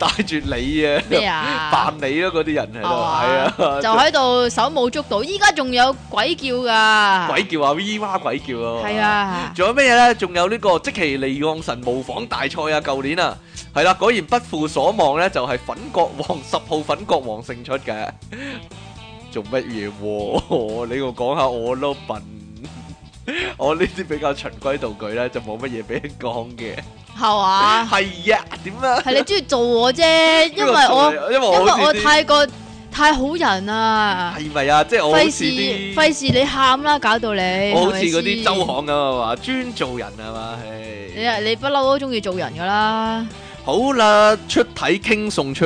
Speaker 2: 戴住你嘅咩啊，扮你咯嗰啲人喺度，啊，就喺
Speaker 1: 度手舞足蹈。依家仲有鬼叫噶、啊，鬼
Speaker 2: 叫啊 v i 鬼叫啊，係啊，仲有咩嘢咧？仲有呢個積淇離岸神模仿大賽啊，舊年啊。係啦，果然不負所望咧，就係粉國王十號粉國王勝出嘅。做乜嘢？你我講下我咯，笨。我呢啲比較循規蹈矩咧，就冇乜嘢俾人講嘅。
Speaker 1: 係話？係呀，點樣？係你中意做我啫，因為我因為我太過太好人啊。係
Speaker 2: 咪啊？即係我費事
Speaker 1: 費事你喊啦，搞到你。我好似嗰啲周
Speaker 2: 行咁啊嘛，專做人啊嘛。
Speaker 1: 你啊你不嬲都中意做人噶啦。
Speaker 2: 好啦，出體傾送出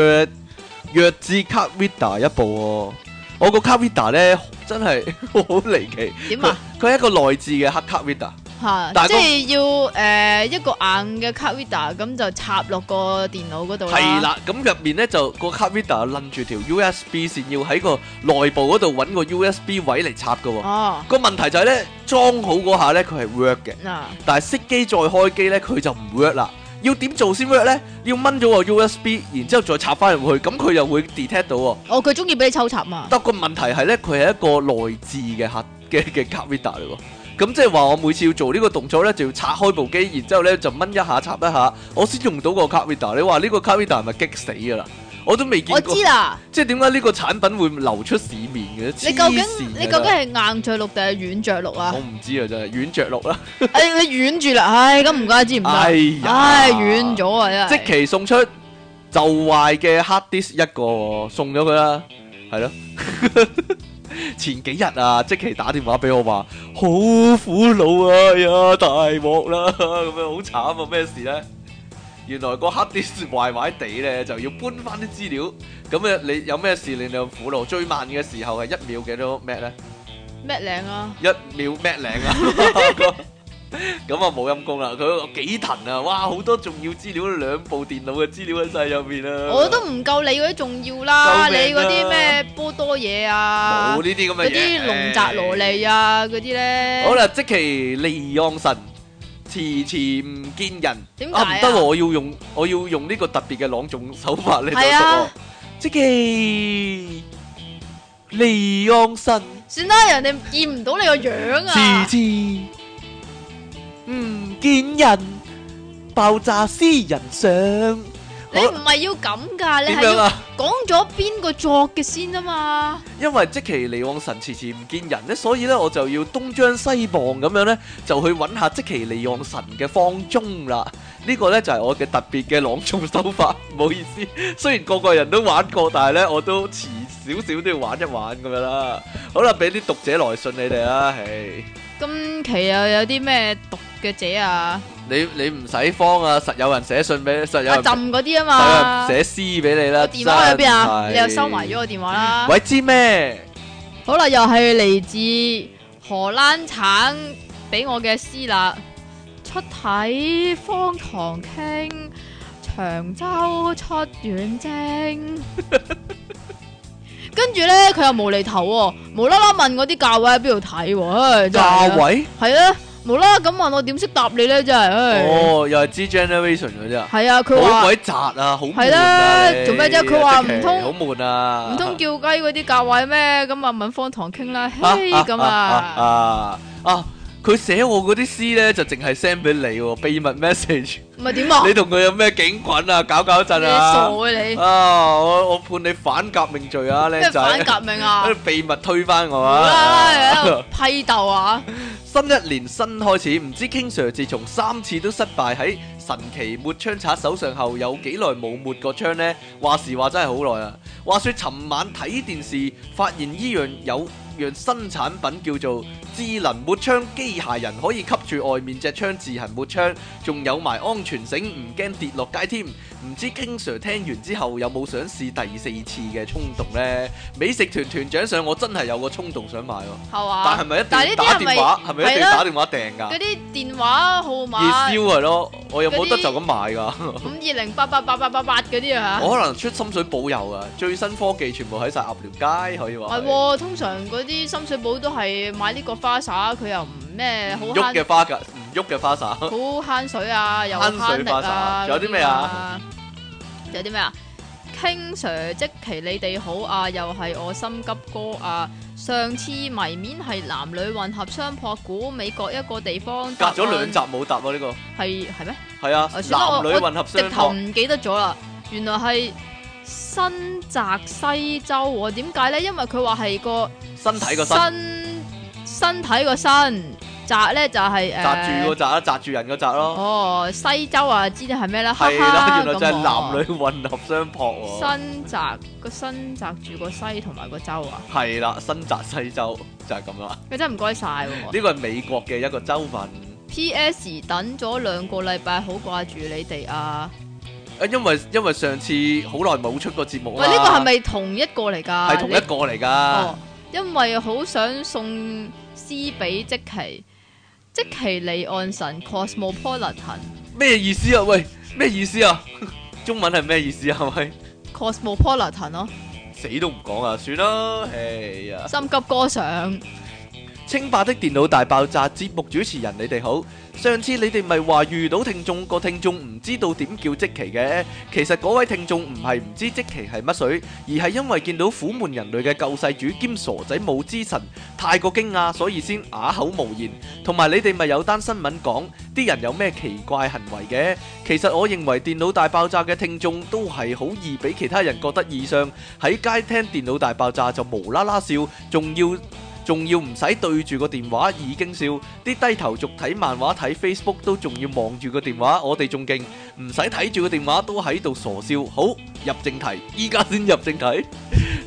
Speaker 2: 弱智 card reader 一部喎。我個 card reader 咧真係好離奇。點啊？佢係一個內置嘅黑 card
Speaker 1: reader。吓，即係要誒一個硬嘅 card reader，咁就插落個電腦嗰度。係啦，
Speaker 2: 咁入面咧就個 card reader 又擸住條 USB 線，要喺個內部嗰度揾個 USB 位嚟插噶。哦。個問題就係咧，裝好嗰下咧佢係 work 嘅。嗱。但係熄機再開機咧，佢就唔 work 啦。要點做先 work 咧？要掹咗個 USB，然之後再插翻入去，咁佢又會 detect 到
Speaker 1: 喎。哦，佢中意俾你抽插嘛？
Speaker 2: 得個問題係咧，佢係一個內置嘅嚇嘅嘅 card reader 嚟喎。咁即係話我每次要做呢個動作咧，就要拆開部機，然之後咧就掹一下插一,一下，我先用到個 card reader。你話呢個 card reader 係咪激死㗎啦？我都未見過，我知啦。即係點解呢個產品會流出市面嘅、啊？你究竟你究竟係
Speaker 1: 硬着陸定係軟着陸啊？我
Speaker 2: 唔知啊，真係軟着陸。誒，
Speaker 1: 你軟住啦，唉，咁唔怪
Speaker 2: 知唔得，唉，軟
Speaker 1: 咗啊，真係。積淇
Speaker 2: 送出就壞嘅 Hard Disk 一個，送咗佢啦，係咯。 前幾日啊，積淇打電話俾我話，好苦惱啊，哎、呀，大鑊啦，咁 樣好慘啊，咩事咧？原來個黑碟壞壞地咧，就要搬翻啲資料。咁啊，你有咩事？你用苦路最慢嘅時候係一秒幾多 mat 咧
Speaker 1: ？mat 零啊！
Speaker 2: 一秒 mat 零啊！咁啊冇陰功啦！佢幾騰啊！哇，好多重要資料，兩部電腦嘅資料喺曬入邊啦！我都
Speaker 1: 唔夠你嗰啲重要啦，你嗰啲咩波多嘢啊？冇呢啲
Speaker 2: 咁嘅嘢。嗰啲龍澤羅
Speaker 1: 莉啊，嗰啲咧。好
Speaker 2: 啦，即其積淇離岸神。遲遲唔見人，點解？啊，唔得喎！我要用我要用呢個特別嘅朗誦手法嚟做。即係離岸神，
Speaker 1: 算啦、啊，人哋見唔到你個樣啊！遲遲唔
Speaker 2: 見人，爆炸私人相。你唔係
Speaker 1: 要咁噶，啊、你係要講咗邊個作嘅先啊嘛？
Speaker 2: 因為積淇離岸神遲遲唔見人咧，所以咧我就要東張西望咁樣咧，就去揾下積淇離岸神嘅芳蹤啦。呢、這個咧就係我嘅特別嘅朗誦手法，唔好意思。雖然個個人都玩過，但係咧我都遲少少都要玩一玩咁樣啦。好啦，俾啲讀者來信你哋啦，唉。
Speaker 1: 今期又有啲咩讀？記者啊！
Speaker 2: 你你唔使慌啊！實有人寫信俾你，實有人浸
Speaker 1: 嗰啲啊嘛，寫
Speaker 2: 詩俾你啦。電話喺邊啊？你又收埋咗我
Speaker 1: 電話啦，啊？的話，喂，知咩？好啦，又係嚟自荷蘭橙俾我嘅詩啦。出體方唐鏡，長洲出遠征。 跟住咧，佢又無厘頭喎，哦，無啦啦問我啲教委喺邊度睇？教委？係啊。冇啦，咁問我點識答你咧，真係，唉！哦，
Speaker 2: 又係知 generation 嗰啫。係啊，佢話鬼砸啊，好悶啊，啊你做咩啫、啊？佢話唔通，唔通奇叫
Speaker 1: 雞嗰啲價位咩？咁啊，問方糖傾啦，嘿，咁啊。
Speaker 2: 佢寫我嗰啲詩咧，就淨係 send 俾你喎、哦，秘密 message。唔係點啊？ 你同佢有咩警棍啊？搞搞震啊！你傻你啊你啊！我判你反革命罪啊，僆仔！咩反革命啊？ 秘密推翻我啊！啊
Speaker 1: 批鬥啊！
Speaker 2: 新一年新開始，唔知 King Sir 自從三次都失敗喺神奇抹槍擦手上後，有幾耐冇抹過槍呢？話時話真係好耐啊！話説尋晚睇電視，發現依樣有一樣新產品叫做智能抹窗機械人，可以吸住外面隻窗自行抹窗，仲有埋安全繩，唔驚跌落街添。唔知 King Sir 聽完之後有冇想試第四次嘅衝動呢？美食團團長上，我真係有個衝動想買喎、
Speaker 1: 啊。啊、但係咪一定打電話？係咪一定打電話訂㗎？嗰啲電話號碼。熱銷
Speaker 2: 係咯，我有冇得嗰啲就咁買㗎？五二
Speaker 1: 零八八八八八八嗰啲啊？我可
Speaker 2: 能出心水保佑啊！新科技全部喺晒鴨寮街可以話，係
Speaker 1: 通常嗰啲深水埗都係買呢個花灑，佢又唔咩好喐嘅花
Speaker 2: 噶，唔喐嘅花灑，好
Speaker 1: 慳水啊，又慳水花灑，有啲咩啊？有啲咩啊？King Sir，積淇你哋好啊，又係我心急歌啊！上次謎面係男女混合雙破股，美國一個地方，隔咗兩
Speaker 2: 集冇答咯呢個，係係咩？係啊，男女混合雙，直頭唔
Speaker 1: 記得咗啦，原來係。新澤西州，點解咧？因為佢話係個身體個身，身，身身體個身，澤咧就係、係、誒，uh, 宅住個
Speaker 2: 澤啦，宅住人個澤咯。
Speaker 1: 哦，西州啊，知道係咩咧？係啦哈，原來就係
Speaker 2: 男女混合雙扑、啊。新
Speaker 1: 澤個新澤住個西同埋個州啊。
Speaker 2: 係啦， 新澤西州就係咁啦。你
Speaker 1: 真係唔該晒，呢
Speaker 2: 個係美國嘅一個州份。
Speaker 1: P.S. 等咗兩個禮拜，好掛住你哋啊！
Speaker 2: 啊，因為因為上次好耐冇出過節目啦。喂，呢個係咪
Speaker 1: 同一個嚟㗎？係同一個
Speaker 2: 嚟㗎，哦。
Speaker 1: 因為好想送詩畀積淇，積淇離岸神 Cosmopolitan。
Speaker 2: 咩 Cos 意思啊？喂，咩意思啊？ 中文係咩意思啊？係咪
Speaker 1: Cosmopolitan 咯？Cos
Speaker 2: 啊，死都唔講啊！算啦， 哎呀，
Speaker 1: 心急歌上。
Speaker 2: 《清霸的電腦大爆炸》節目主持人，你哋好。上次你哋咪話遇到聽眾，個聽眾唔知道點叫積淇嘅，其實嗰位聽眾唔係唔知積淇係乜水，而係因為見到虎門人類嘅救世主兼傻仔武之神，太過驚訝，所以先啞口無言。同埋你哋咪有單新聞講啲人有咩奇怪行為嘅，其實我認為電腦大爆炸嘅聽眾都係好易畀其他人覺得異相，喺街聽電腦大爆炸就無啦啦笑，仲要仲要唔使對住個電話已經笑，啲低頭族睇漫畫睇 Facebook 都仲要望住個電話，我哋仲勁，唔使睇住個電話都喺度傻笑。好，入正題，依家先入正題。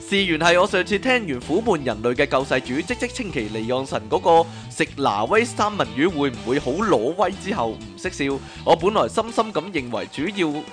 Speaker 2: 事源係我上次聽完苦悶人類嘅救世主即即積淇離岸神嗰個食拿威三文魚會唔會好攞威之後唔識笑，我本來深深咁認為主要。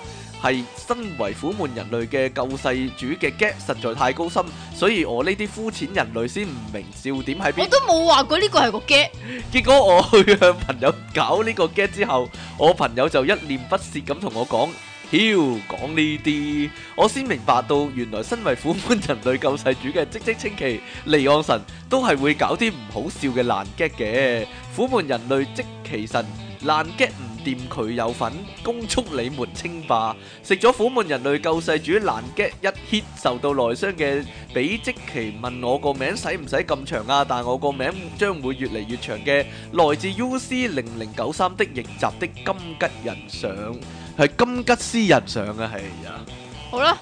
Speaker 2: 係身為苦悶人類嘅救世主嘅 Gag 實在太高深，所以我呢啲膚淺人類先唔明笑點喺邊。我都
Speaker 1: 冇話過呢個係個 Gag。
Speaker 2: 結果我去向朋友搞呢個 Gag 之後，我朋友就一臉不屑咁同我講：屌，講呢啲，我先明白到原來身為苦悶人類救世主嘅即即清奇離岸神都係會搞啲唔好笑嘅爛 Gag 嘅，苦悶人類即其神爛 Gag。掂佢有份，攻速你沒稱霸，食咗虎門人類救世主難 get 一 hit 受到內傷嘅比積淇，問我個名使唔使咁長啊？但我個名將會越嚟越長嘅，來自 UC 零零九三的逆襲的金吉人上係金吉斯人上啊，係啊。
Speaker 1: 好啦，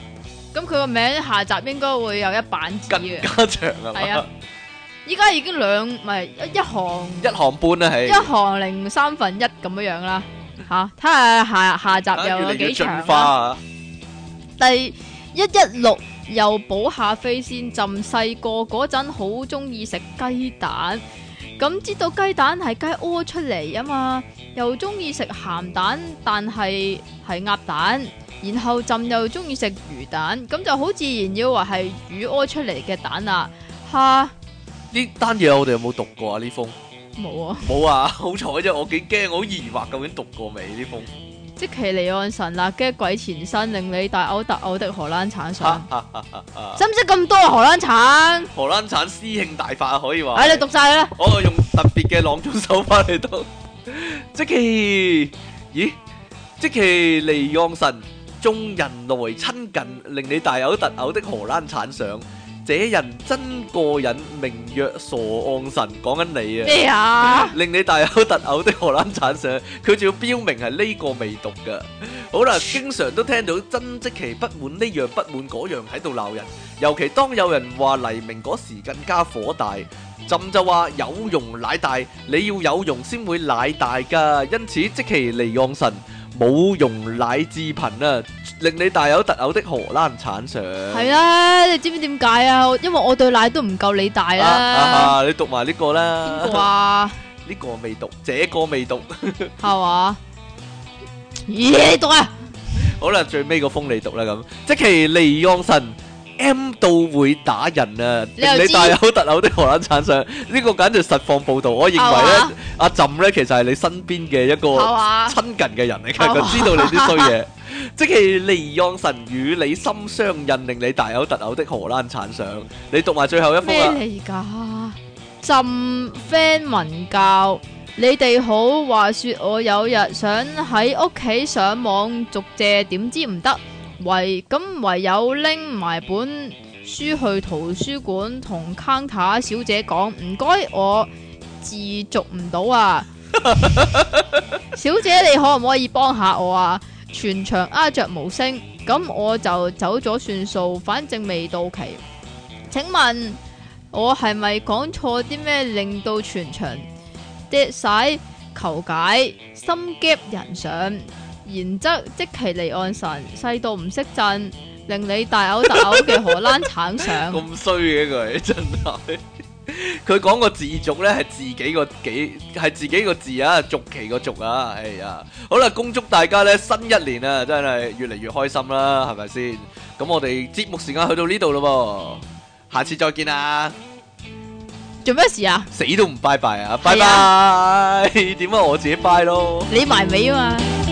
Speaker 1: 咁佢個名下集應該會有一板字嘅，更加
Speaker 2: 長啊，係啊。
Speaker 1: 依家已經兩唔係一一行一
Speaker 2: 行半啦，起一
Speaker 1: 行零三分一咁樣樣啦。吓、 啊，睇下下下集有、啊啊、6, 又有幾長啦。第一一六又補下飛先浸細個嗰陣，好中意食雞蛋咁。知道雞蛋係雞屙出嚟啊嘛，又中意食咸蛋，但係係鴨蛋，然後浸又中意食魚蛋，咁就好自然要話係魚屙出嚟嘅蛋啦。吓、啊。
Speaker 2: 呢單嘢我哋有冇讀過啊？呢封冇啊，冇啊，好彩啫！我幾驚，我好疑惑究竟讀過未？呢封
Speaker 1: 積淇離岸神，那驚鬼纏身，令你大嘔特嘔的荷蘭產相，
Speaker 2: 使唔
Speaker 1: 使咁多荷蘭產？
Speaker 2: 荷蘭產詩興大發啊，可以話。係，你讀曬啦！我用特別嘅朗誦手法嚟讀，積淇，咦？積淇離岸神，眾人來親近，令你大嘔特嘔的荷蘭產相。這人真過癮，名曰傻岸神，講緊你啊！咩啊？令你大口特口的荷蘭產蛇，佢仲要標明係呢個味毒㗎。好啦，經常都聽到曾積淇不滿呢樣不滿嗰樣喺度鬧人，尤其當有人話黎明嗰時更加火大。朕就話有容乃大，你要有容先會乃大㗎。因此積淇離岸神。冇用奶製品啊，令你大有特有的荷蘭產上。係
Speaker 1: 啊，你知唔知點解啊？因為我對奶都唔夠你大啊，
Speaker 2: 啊，啊，啊，你讀埋呢個啦。邊個啊？呢 個未讀，這個未讀，
Speaker 1: 係 嘛、啊？咦、欸，讀啊！
Speaker 2: 好啦，最尾個風你讀啦咁，積淇離岸神。M 到會打人啊！你大口特口的荷蘭產相。呢、這個簡直實況報道。我認為咧，阿朕咧其實係你身邊嘅一個親近嘅人嚟噶，呃呃呃、佢知道你啲衰嘢。呃、 即係離岸神與你心相印，令你大口特口的荷蘭產相。你讀埋最後一科啊！咩
Speaker 1: 嚟噶？朕 fan 文教，你哋好。話說我有日想喺屋企上網續借，點知唔得。唯咁唯有拎埋本書去圖書館同 counter 小姐講，唔該我自續唔到啊，小姐，啊、 小姐你可唔可以幫下我啊？全場鴉雀無聲，咁我就走咗算數，反正未到期。請問我係咪講錯啲咩令到全場跌晒？求解心急人上？然則積淇離岸神細到唔識震，令你大嘔大嘔嘅荷蘭橙上。
Speaker 2: 咁衰嘅佢真係，佢講個字族咧係自己個幾係自己個字啊，族期個族啊，哎呀、啊！好啦，恭祝大家咧新一年啊，真係越嚟越開心啦，係咪先？咁我哋節目時間去到呢度咯，下次再見啊！
Speaker 1: 做咩事啊？
Speaker 2: 死都唔拜拜啊！拜拜、啊！點 Bye bye 啊？我自己拜咯。
Speaker 1: 你埋尾啊嘛！